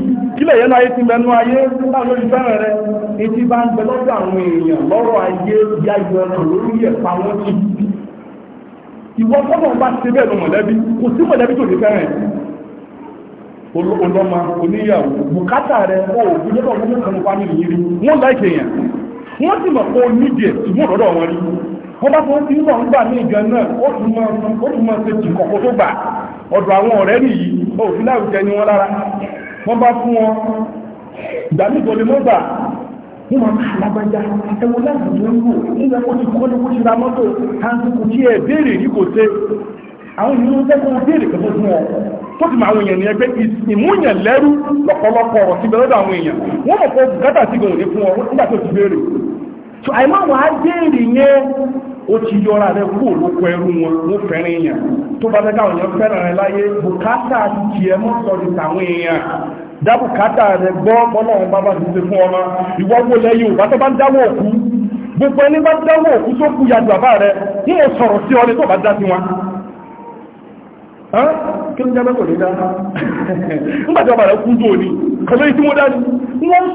kílẹ̀ yẹn láyé ti mẹ́nu ayé náà lórí fẹ́ràn rẹ bá ń bẹ lọ́dọ̀ àwọn èèyàn lọ́rọ̀ ayé ya ìrọ̀rùn lórí ẹ̀ pa wọ́n sí ìwọ fọ́nà bá ṣe bẹ́ẹ̀ lọ mọ̀lẹ́bí kò sí mọ̀lẹ́bí tó lè fẹ́ràn o oníyàwó bùkátà rẹ ó gbọ́dọ̀ wọn ní ìyírí yẹn sì mọ̀ pé wọn rí wọ́n bá sí wọ́n bá fún wọn ìgbàmí ìgbòlè ló gbà wọ́n máa ká alágbájá ẹwọ láti tó ń wò nígbà ó ti kọ́ ní kó ti ra mọ́tò hankukù tí ẹ béèrè ní kò sé àwọn ìlú ń tẹ́kọ̀ọ́ béèrè kẹ́kọ̀ọ́ fún ọ tó ti máa wòyàn ní ẹgbẹ́ ìmúyàn lẹ́rú lọ́pọ̀lọpọ̀ ọ̀rọ̀ síbẹ̀ lọ́dọ̀ àwọn èèyàn wọ́n mọ̀ pé gátà sí gbòòrò fún ọ nígbà tó ti béèrè so àìmọ́ wàá béèrè yẹn ó ti ọla rẹ kú òlóko ẹrú wọn ló fẹ́ràn èèyàn tó bá fẹ́ káwọn èèyàn fẹ́ràn rẹ láyé bùkátà ti mọ́ tàwọn èèyàn dábùkátà rẹ gbọ́ bọ́lá ti ṣe fún ọmọ ìwọ wo lẹ́yìn òbá tó bá ń dáwọ́ òkú gbogbo ẹni bá dáwọ́ òkú rẹ ní ọba wọ́n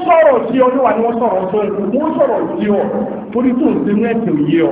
sọ̀rọ̀ sí ọ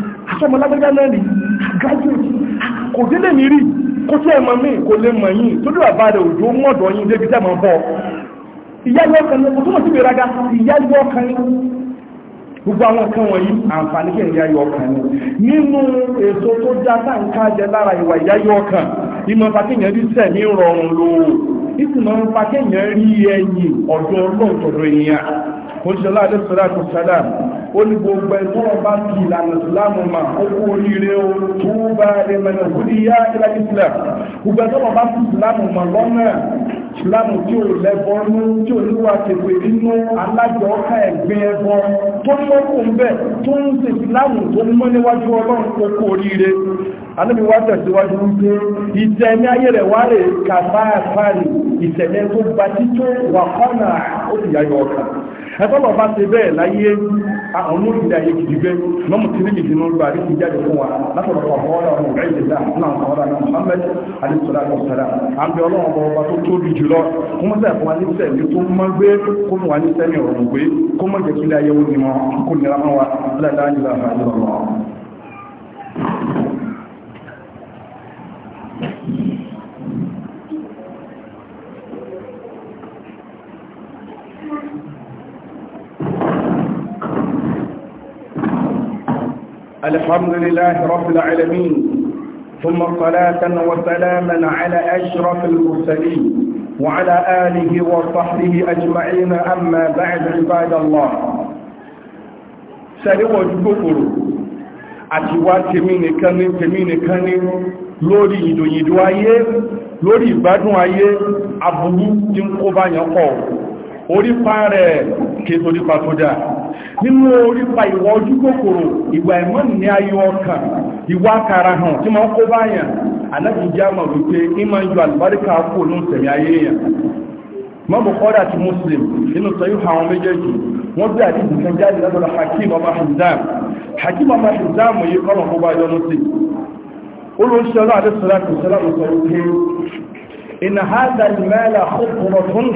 sọmọ lágbájá náà rí graduate kò délé mi rí kó tí ẹ mọ mí kò lè mọ yín tó dúró àbá rẹ òjò mọ̀dọ̀ yín débi tẹ́ mọ̀ bọ̀ ìyáyọ kan ní kò túmọ̀ sí ìgbéraga ìyáyọ kan ní gbogbo àwọn nǹkan wọ̀nyí àǹfààní kí ìyáyọ ọkàn ni nínú èso tó já sáǹkà jẹ lára ìwà ìyáyọ ọkàn ìmọ̀ fàkíyàn rí sẹ̀mí rọrùn lóò ìsìnà fàkíyàn rí ẹ̀yìn ọ̀dọ̀ kò ṣe láàrín sọ́dá tó sádà ó ní gbogbo ẹ̀tọ́ ọba ti ìlànà ìsìlámù mà ó kú oríire o tó bá rẹ̀ mẹ́rin òkúdi yá ìlà ìsìlá gbogbo ẹ̀tọ́ ọba ti ìsìlámù mà lọ́nà ìsìlámù tí ò lẹ́bọ nú tí ò níwà tètè nínú alájọ ọ̀ka ẹ̀gbin ẹbọ tó ń lọ́kù ń bẹ̀ tó ń ṣe ìsìlámù tó mọ́ níwájú ọlọ́run ó oríire anábì tẹ̀síwájú wípé ìtẹ̀mí ayé rẹ̀ wá rè kàfáàfáàlì ìtẹ̀mí tó gbatí tó wà kọ́nà ó sì yáyọ ọkàn ẹgbọ́n bá ṣe bẹ́ẹ̀ láyé àwọn olóògbé ayé gidi gbé mọ́mù tí níbi ìdínú ọgbà rí ti jáde fún wa látọ̀rọ̀ àwọn ọ̀rọ̀ ọ̀rọ̀ ọ̀rẹ́ ìdílá náà àwọn ọ̀rọ̀ náà Muhammad alisala ọ̀sára àbí ọlọ́run ọba ọba tó tóbi jùlọ kó mọ́ sẹ́ẹ̀kọ́ wa ní sẹ́ẹ̀mí tó mọ́ gbé kó mọ́ wa ní ọ̀rọ̀ الحمد لله رب العالمين ثم صلاة وسلاما على أشرف المرسلين وعلى آله وصحبه أجمعين أما بعد عباد الله سألوا جبكروا àtiwá tèmi nìkan ní tèmi nìkan ní lórí ìdòyìdò ayé lórí ìgbádùn ayé aburú tí ń kó bá yàn kọ̀ orípa rẹ̀ kí torípa tó dáa nínú orí pa ìwà ojú kòkòrò ìwà ẹ̀mọ́ ní ayọ̀ ọkàn ìwà kara hàn tí máa kó báyàn aláàbí jáàmà wípé ìmọ̀ ju àlùbáríkà kò ní tẹ̀mí ayé yẹn mọ́bù kọ́dà àti muslim nínú sọ́yí àwọn méjèèjì wọ́n bí àti ìdìkan jáde lọ́dọ̀ hakim ọmọ hizam hakim ọmọ hizam yìí kọ́nà kó bá yọnu sí olóńṣẹ́ ọlọ́ àdéṣọ́lá kò sọ́lá ìsọ̀rọ̀ pé ìnà hádà ìmẹ́lá kó kọ̀rọ̀ tó ń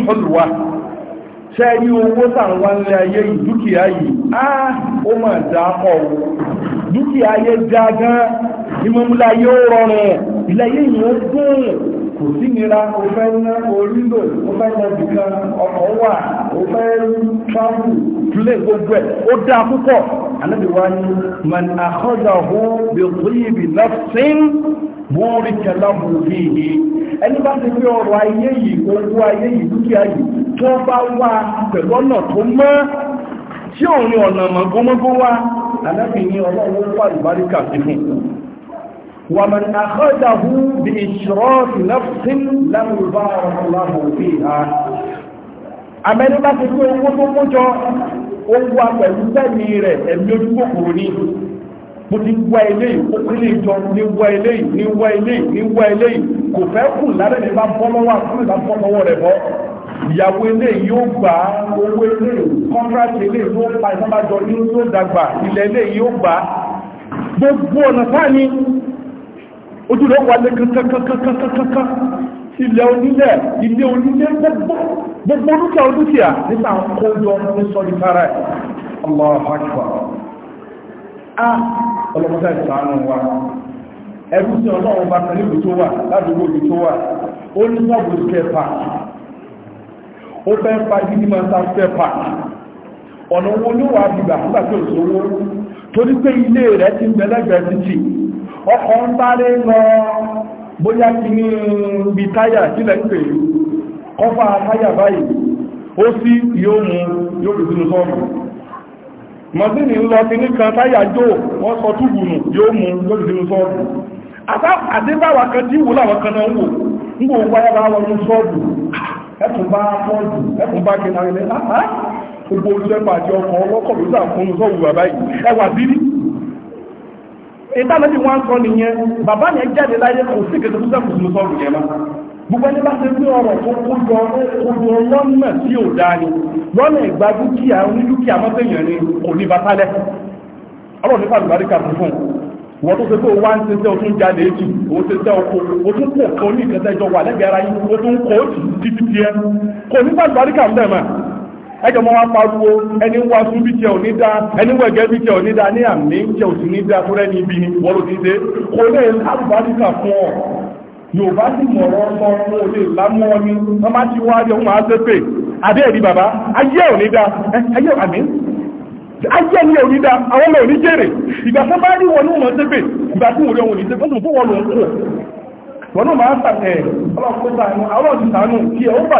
ṣe rí owó tàwọn ilẹ̀ ayé yìí dúkìá yìí á ah, ó mà dá pọ̀ o dúkìá ayé dá gan ni mo mú láyé ó rọrùn ilẹ̀ ayé yìí ó dùn kò sí nira o fẹ́ ná orílò o fẹ́ ná jùkan ọkọ̀ wà o fẹ́ travel play gbogbo ẹ̀ ó dáa púpọ̀ anábìwá ni man akhadahu bi tayyibi nafsin mọ́rí kẹlọ́mù bí i ẹni bá ti fi ọrọ̀ ayé yìí owó ayé yìí dúkìá yìí tó bá wá pẹ̀lú ọ̀nà tó mọ́ tí òun ni ọ̀nà mọ̀gọ́mọ́gọ́ wá anábìwá ni ọlọ́run pàlùbáríkà sí fún ومن أخذه بإشراف نفس لم يبارك الله فيها àmẹ́ni bá ti gbé owó tó kójọ owó apẹ̀lú tẹ́mi rẹ̀ ẹ̀mí ojúkòkòrò ní mo ti wá ilé ìkókílé ìjọ kò fẹ́ kù lálẹ́ ní bá bọ́ lọ́wọ́ àkúrò bá rẹ̀ bọ́ ìyàwó ilé yóò gbà owó ilé kọ́ńtrátì ilé tó pa ìsọ́bàjọ ní tó dàgbà ilẹ̀ ilé yóò gbà gbogbo ọ̀nà sáà ni ojú rẹ̀ wà lé kankankankankankan ilẹ̀ onílẹ̀ ilé onílẹ̀ gbogbo dúkìá olúkìá nígbà kójọ ní sọ́rí kára ẹ̀ Allahu Akbar a ọlọ́mọdé ìsànú wa ẹ̀rú sí ọlọ́run bá kan níbi tó wà ládùúgbò ibi tó wà ó ní sọ́ọ̀bù kẹfà ó fẹ́ pa gidi máa sá kẹfà ọ̀nà owó ló wà bìbà nígbà tó ìṣòwò torí pé ilé rẹ̀ ti ń bẹ lẹ́gbẹ̀ẹ́ ọkọ̀ ń sáré lọ bóyá kí ní ibi táyà sílẹ̀ ń pè kọfà táyà báyìí ó sí yóò mú yóò rí sínú sọ́ọ̀nù mọ̀síni lọ sí ní kan táyà jò wọ́n sọ túbùnù yóò mú yóò rí sínú sọ́ọ̀nù àdébáwà kan tí wò láwọn kan náà ń wò ń wò ìtànà bí wọ́n kọ́ nìyẹn bàbá yẹn jáde láyé kò sí kẹta tó sẹ́kù sínú sọ́ọ̀rù yẹn náà gbogbo ẹni bá ṣe pé ọrọ̀ tó kójọ ojú ọlọ́nà tí ò dáa ni lọ́nà ìgbà dúkìá onídúkìá mọ́tẹ̀yàn ni kò ní bá sálẹ̀ ọlọ́run nípa àlùbáríkà fún fún wọ́n tó ṣe pé wá ń ṣiṣẹ́ o tún jáde èjì o ṣiṣẹ́ oko o tún kò kọ́ ní ìkẹta ìjọ wà lẹ́gbẹ̀ẹ́ ara yìí o tún kò tì títí tiẹ́ kò nípa àlùbáríkà ń bẹ̀ máa ẹjọ́ mọ́ wá pariwo ẹni wá òní ẹni òní ní àmì òsì ní ni wọ́n ló ti dé kò lè fún ọ yorùbá sì mọ̀rọ̀ ni wọ́n ti wá adé ayé ayé ayé ni òní dáa àwọn ọmọ òní jèrè ìgbà tó bá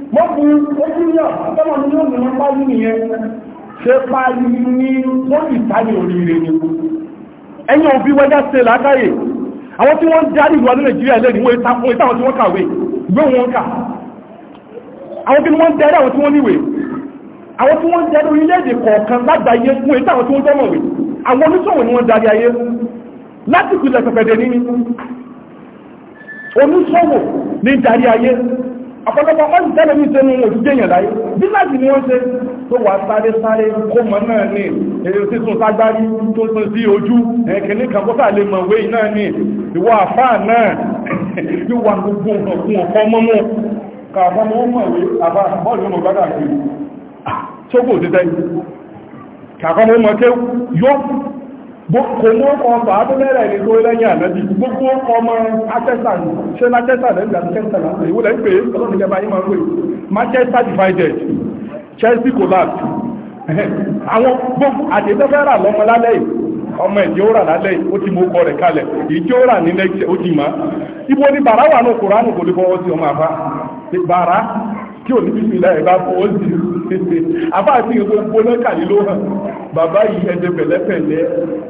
wọ́n fi ojú yọ̀ tọ́mọ̀ ní yóò mìíràn páyú nìyẹn ṣe páyú ní wọ́n ìtàlẹ̀ oríire ni ẹ̀yìn òbí wẹ́dá ṣe lágbàáyé àwọn tí wọ́n darí ìlú ní Nàìjíríà lè níwọ̀n ìtàkùn ìtàwọn tí wọ́n kàwé gbé wọn kà àwọn tí wọ́n darí àwọn tí wọ́n níwèé àwọn tí wọ́n darí orílẹ̀-èdè kọ̀ọ̀kan lágbàáyé fún ìtàwọn tí wọ́n tọ́mọ̀wé àwọn oníṣòwò ni wọ́n darí ayé láti ìpìlẹ̀ pẹ̀pẹ̀dẹ̀ nínú oníṣòwò ní darí ayé ọ̀pọ̀lọpọ̀ ọdún tẹ́lẹ̀ ní ìṣẹ́nu ojú jẹ́yàn láyé bí láti ní wọ́n ṣe tó wà sáré sáré kó mọ̀ náà ní èrè sísun ságbárí tó sún sí ojú ẹ̀kẹ́ní kan kó sàlẹ̀ mọ̀ wé náà ní ìwọ àfá náà yóò wà gbogbo ọ̀kun ọ̀kan mọ́mọ́ kààfọ́ mọ́ mọ̀ wé àbá bọ́ọ̀lù mọ̀ gbádà sí ah, ṣókò òtítẹ́ kààfọ́ mọ́ mọ́ kò mú ọkọ̀ ọ̀fà abúlẹ́rẹ̀ kó lẹ́yìn ànábì gbogbo ọkọ ọmọ akẹ́sà ṣe lákẹ́sà lẹ́yìn àkẹ́sà lásán ìwò lẹ́yìn pé ọlọ́run ìjọba yìí máa ń pè Manchester divided Chelsea collapse àwọn gbogbo àtẹ̀tẹ́fẹ́ rà lọ́mọ lálẹ́ yìí ọmọ ẹ̀jẹ̀ ó rà lálẹ́ yìí ó ti mú ọkọ̀ rẹ̀ kalẹ̀ èyí tí ó rà ní lẹ́kṣẹ̀ ó ti mọ̀ ibo ni bàrá wà ní Kùránì ọmọ tí ò ní bíbí ilá ẹ̀bá fọwọ́ sí ṣeṣe àbá àti ìgbò gbóná kàlí ló hàn bàbá yìí ẹ̀jẹ̀ pẹ̀lẹ́pẹ̀lẹ́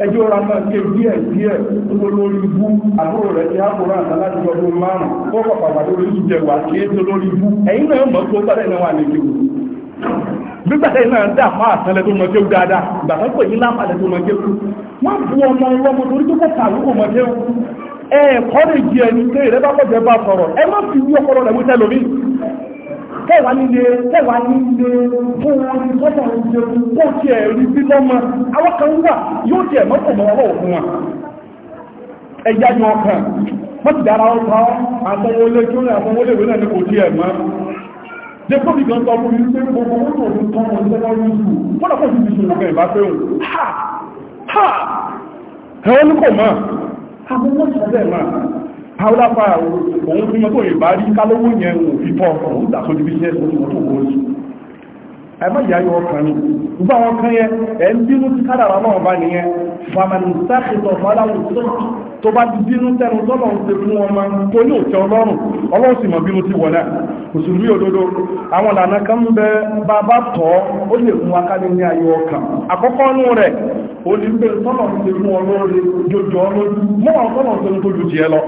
ẹjọ́ ra máa ké díẹ̀ díẹ̀ tó lórí ibú àbúrò rẹ̀ ní àbúrò àná láti ọdún márùn-ún ó kọ̀ pàpà lórí kí é tó lórí ibú ẹ̀yin náà mọ̀ tó sáré náà wà ní kéwù nígbà tẹ́yìn náà dà fún àtẹ́lẹ́ tó mọ kéwù dáadáa ìgbà tó pè yín láǹfààní tó mọ kéwù wọ́n bu ọmọ ọlọ́mọ torí tó kọ́ kàwé kò mọ kéwù ẹ̀ẹ́kọ́ lè jẹ ẹni tẹ́yìn rẹ tẹ́wàá nílé tẹ́wàá nílé fún wọn ní sọ́jà ìjẹun tó ti ẹ̀rí bí lọ́mọ àwọn kan wà yóò ti ẹ̀mọ́ pọ̀ mọ́ ọwọ́ òfin wọn ẹ̀yà ni ọkàn wọ́n ti dára ọkọ̀ àtọwọ́ ilé tí ó rẹ̀ àtọwọ́ ilé náà ní kò tí ẹ̀mọ́ dẹ́kọ́ bí gan tọ́kùn ní pé gbogbo owó tó ń tọ́ wọn lẹ́wọ́ ní ìlú wọ́n lọ́pọ̀ sí ìṣòro ọ̀gá ìbá fẹ́ òun ha ha ẹ̀wọ́n ní kò mọ́ káwọ́lápá òun fún mọ́tò ìbárí kálówó yẹn òun fífọ́ ọ̀rọ̀ òun dà sójú bí iṣẹ́ ìṣòwò mọ́tò òun ẹ̀mọ́jà yọ ọkàn ní gbogbo àwọn kan yẹ ẹ̀ ń bínú sí kádàrà náà bá nìyẹn fàmàlìsáàkìtọ̀ tó bá ti bínú tẹnu tọ́lọ̀ ń fún ọmọ tó ní òtẹ́ ọlọ́run ọlọ́run sì mọ̀ bínú ti wọ̀ náà òdodo àwọn ìlànà kan ń bẹ tọ́ ó lè fún akáni ní ayé ọkàn àkọ́kọ́ rẹ̀ ó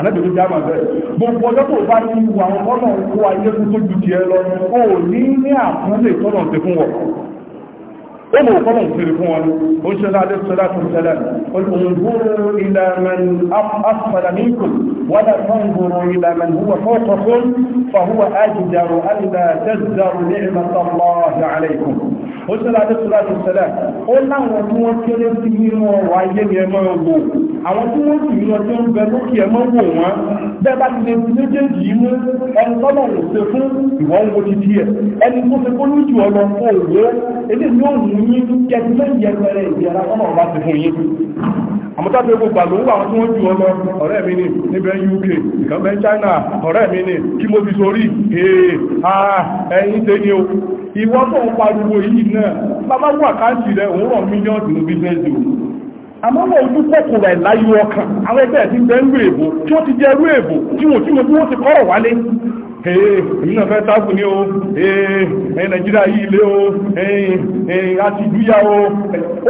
alábẹ̀rẹ̀ jáàmà bẹ́ẹ̀ gbogbo ọjọ́ tó bá ní ìwà àwọn ọ̀nà kó ayé fún tó ju ti ẹ lọ ó ní ní àkúnlé tọ́nà ti fún wọn ó mọ̀ kọ́nà òfin fún wọn ó ṣe láti sọ́lá tó ṣẹlẹ̀ olùgbòrò ìlàmẹ̀n afẹ́lẹ̀míkù wọ́n tọ́ngbòrò ìlàmẹ̀n huwa fọ́kọ̀kún fàhúwa àwọn tí wọ́n sì ní ọjọ́ ń bẹ lókè ẹmọ́ wò wọ́n bẹ́ẹ̀ bá ti lè fi méjèèjì yìí mú ẹni tọ́nà ò ṣe fún ìwọ́n wo ti tiẹ̀ ẹni tó ṣe kólú jù ọ lọ fún òwe eléyìí yóò mú yín kẹtí lẹ́yìn yẹpẹrẹ ìjẹra tọ́nà ọba ti fún yín àmọ́tá tó gbogbo àlò wà tí wọ́n jù ọ lọ ọ̀rẹ́ mi ní níbẹ̀ UK ìkànbẹ̀ China ọ̀rẹ́ mi ní kí mo fi sórí èè àà ẹ̀yìn tẹ́ ni o ìwọ́n tó ń pariwo yìí náà bàbá wà káàkiri rẹ̀ òun rọ̀ mílíọ̀nù bísẹ́ẹ̀sì àmọ́ mọ̀ ojú pọ̀kù rẹ̀ láyé ọkàn àwọn ẹgbẹ́ ti ń bẹ ń rú èbò tí ti jẹ rú èbò tí wọ́n tí wọ́n ti kọ́rọ̀ wálé ee náà fẹ́ sáàbù ní o ẹ̀yìn nàìjíríà yìí ilé o ẹ̀yìn àti ìlúyà o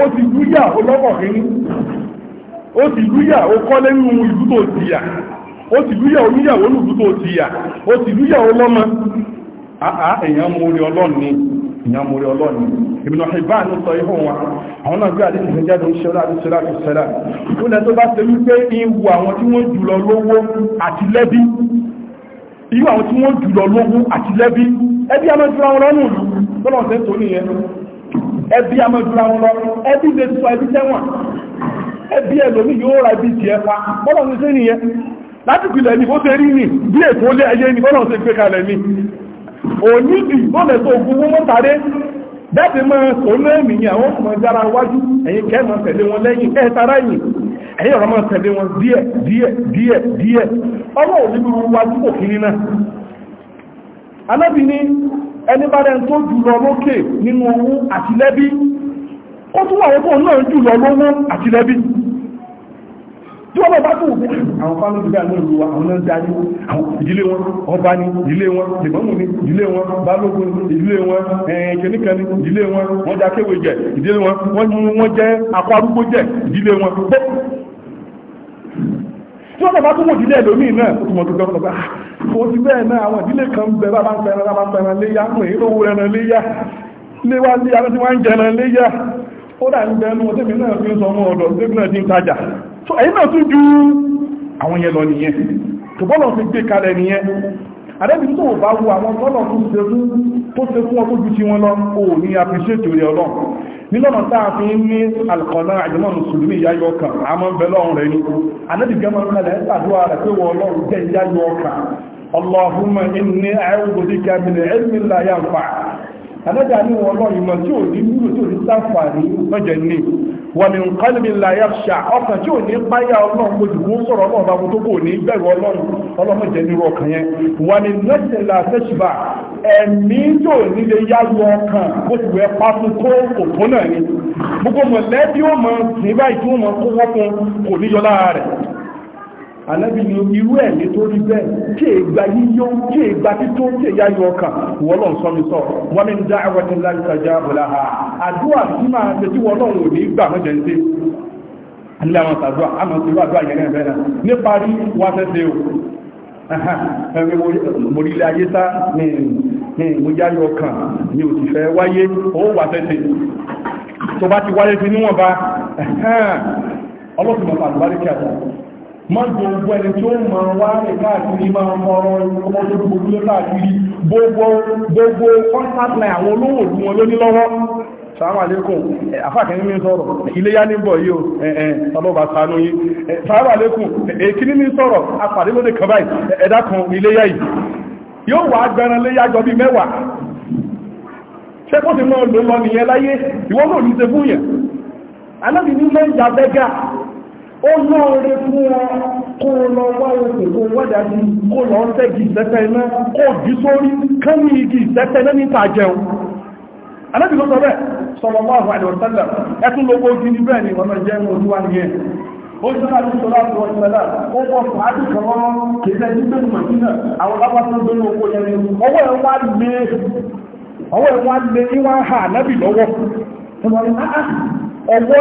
ó ti lúyà ó lọ́kọ̀ ti ti ìyàn mórí ọlọ́ni Ibn Hibban ló sọ ihò wọn àwọn náà gbé àdéhùn ìfẹ́ jáde oṣù ọlá àdéhùn ìṣẹ́lá ìpínlẹ̀ tó bá ṣe wípé ìwò àwọn tí wọ́n jùlọ lówó àti lẹ́bí ìwò àwọn tí wọ́n jùlọ lówó àti lẹ́bí ẹbí amẹ́júra wọn lọ́nà òní ìgbọ́lẹ̀ tó ogun wọ́n tàrí bẹ́ẹ̀bì mọ́ sọ́nà ẹ̀mì ni àwọn ọmọ jára wájú ẹ̀yìn kẹ́mọ̀ tẹ̀lé wọn lẹ́yìn ẹ̀ẹ́tara yìí ẹ̀yìn ọ̀rọ̀ mọ́ tẹ̀lé wọn díẹ̀ díẹ̀ díẹ̀ díẹ̀ ọlọ́ òní bí wọ́n wájú kò kiri náà alábì ní ẹni bá rẹ̀ tó jùlọ lókè nínú owó àti lẹ́bí ó tún wà wọ́pọ̀ náà jùlọ lówó àti lẹ́bí tí wọ́n bá tún àwọn fámìlì bí àwọn olùwà àwọn náà darí àwọn ìdílé wọn ọba ni ìdílé wọn ìbọnwò ni ìdílé wọn balógun ìdílé wọn kìnnìkan ni ìdílé wọn wọn jẹ akéwì jẹ ìdílé wọn wọn jẹ akọ arúgbó jẹ ìdílé wọn tí wọ́n bá tún wò ìdílé ẹlòmíì náà tó mọ̀ tó gbọ́ pọ̀ bá kò sí bẹ́ẹ̀ náà àwọn ìdílé kan bẹ bá bá ń pẹran bá ń pẹran léyà mọ̀ èyí tó wo ẹran léyà ilé wa lé ara tí wọ́n ń jẹ ẹran léyà ó dà ń bẹ ẹnu ọdẹ́mi náà fi ń sọ ọmọ ọ̀dọ̀ ọdẹ́mi náà ti ń tajà èyí náà tún ju àwọn yẹn lọ nìyẹn tó bọ́lọ̀ ti gbé kalẹ̀ nìyẹn àdẹ́bì tó bá wo àwọn tọ́lọ̀ tó ṣe fún ọkọ̀ jù tí wọ́n lọ o ní appreciate orí ọlọ́ nílọ́nà táà fi ń ní alkọ̀ọ́lá àjọmọ̀ mùsùlùmí ìyáyọ ọkà àmọ́ bẹ̀lọ́ rẹ̀ ni àdẹ́bì gẹ́mọ̀ kalẹ̀ ẹ̀sàdúwà rẹ̀ pé wọ́n lọ́rùn jẹ́ ìyáyọ ọkà Allahumma inni a'udhu bika min ilmin la yanfa' anájà ní wọn lọ ìmọ̀ tí ò ní wúlò tí ò ní sáfàní mọ́jẹ̀ ní wọ́n ni nǹkan ní la yà ṣá ọkàn tí ò ní páyà ọlọ́run gbòdì kó sọ̀rọ̀ ọlọ́run bá mú tó kò ní bẹ̀rù ọlọ́run ọlọ́mọ̀jẹ̀ nírú ọkàn yẹn wọ́n ni nẹ́sẹ̀ la fẹ́ṣibà ẹ̀mí tí ò ní lè yá lu ọkàn bó ti wẹ́ pátó tó òkú náà ni gbogbo mọ̀lẹ́bí ó mọ̀ sí báyìí kó wọ́pọ̀ kò ní yọ lára anábì ni irú ẹ̀ ní tó rí bẹ́ẹ̀ kí è gba yíyó kí è gba tító kí è yá yọ ọkàn wọ́n lọ sọ mi sọ wọ́n mi ń dá ẹwọ́ tí láti ṣàjá ọ̀la ha àdúrà tí máa ṣe tí wọ́n náà wò ní gbà mọ́jẹ̀ ń ṣe ilé àwọn ṣàdúrà àmọ́ sí wàdúrà yẹn náà bẹ́ẹ̀ nípa rí wá fẹ́fẹ́ o morílẹ̀ ayé tá ní ìmújá yọ ọkàn ni ò sì fẹ́ wáyé ó wà fẹ́fẹ́ tó bá ti wáyé fi níwọ̀nba ọlọ́sùn mọ̀ta àlùbáríkà mọ́jọ ogun ẹni tí ó ma wá ní káàkiri máa ń fọ́rọ́ ọmọ tó gbogbo ló káàkiri gbogbo gbogbo kọ́ńtàtìlẹ̀ àwọn olówó tí wọ́n lóní lọ́wọ́ sàmà lẹ́kùn àfáàkẹ́ ní sọ̀rọ̀ iléyá ní bọ̀ yíò ẹ̀ẹ̀n ọlọ́bà sànú yí sàmà lẹ́kùn èkíní ní sọ̀rọ̀ apàdé lóde kan báyìí ẹ̀dá kan iléyá yìí yóò wà gbẹran léyá jọ bí mẹ́wàá ṣé kó ti mọ́ lò lọ nìyẹn láyé ìwọ́n lò ní ṣe fún yẹn alábìnrin lẹ́yìn abẹ́gà ó lóore fún kó o lọ wá oṣù wádà sí kó lọ ń tẹ́gi ìsẹ́fẹ́ o sórí kánú igi ìsẹ́fẹ́ iná níta jẹun anábì ló sọ bẹ́ẹ̀ sọ̀rọ̀ mọ́ àwọn àdìwọ̀ sẹ́lẹ̀ ẹtún ojú ní bẹ́ẹ̀ ni wọ́n ń ojú wa nìyẹn ó sọ sọ láti ó wọ́n mọ̀ sínú àwọn tó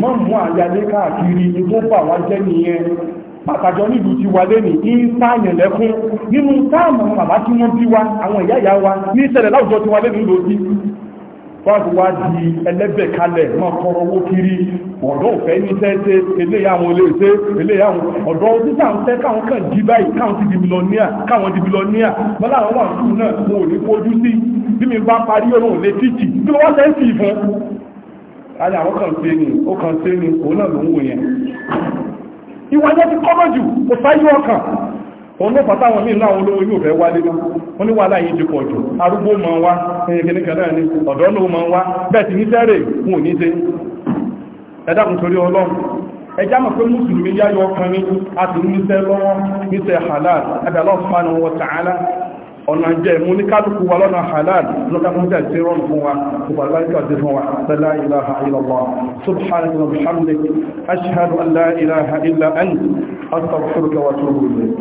mọ́ mú àyàlé káàkiri ní tó bà wá jẹ́ nìyẹn pàtàjọ nílùú ti wà lẹ́nì ní sáàyàn lẹ́kún nínú táàmù àwọn bàbá tí wọ́n bí wa àwọn ìyá ìyá wa ní ìṣẹ̀lẹ̀ láwùjọ ti wà lẹ́nì lòdì wọ́n ti wá di ẹlẹ́bẹ̀ kalẹ̀ mọ́ tọrọ owó kiri ọ̀dọ́ òfẹ́ ní tẹ́ẹ̀tẹ́ eléyàwọn olóòṣè eléyàwọn ọ̀dọ́ títà ń tẹ́ káwọn kàn jí báyìí káwọn ti di bílọ́níà káwọn di bílọ́níà bọ́lá àwọn wà ń kú náà wọn ò ní fojú sí bí mi bá parí òun lè títì bí wọ́n tẹ́ ń sì a àwọn kan sí ni ó kan sí ni òun náà ló ń wò yẹn ìwà ẹjọ́ ti kọ́mọ̀ jù kò sáyé ọkàn òun ló fàtàwọn míì láwọn olówó yóò fẹ́ wálé mọ́ wọ́n ní wà láyé jù pọ̀ jù arúgbó ma wá ẹ̀yẹ̀kẹ́nìkan náà ni ọ̀dọ́ ló ma wá bẹ́ẹ̀ ti ní sẹ́rẹ̀ wọn torí ọlọ́run ẹjá ọ̀nà jẹ́ mú ní kálùkù wa lọ́nà halal lọ́kàtúnjẹ́ tí rọ́n fún wa kùbàláríkà ti fún wa la ilaha illallah subhanahu wa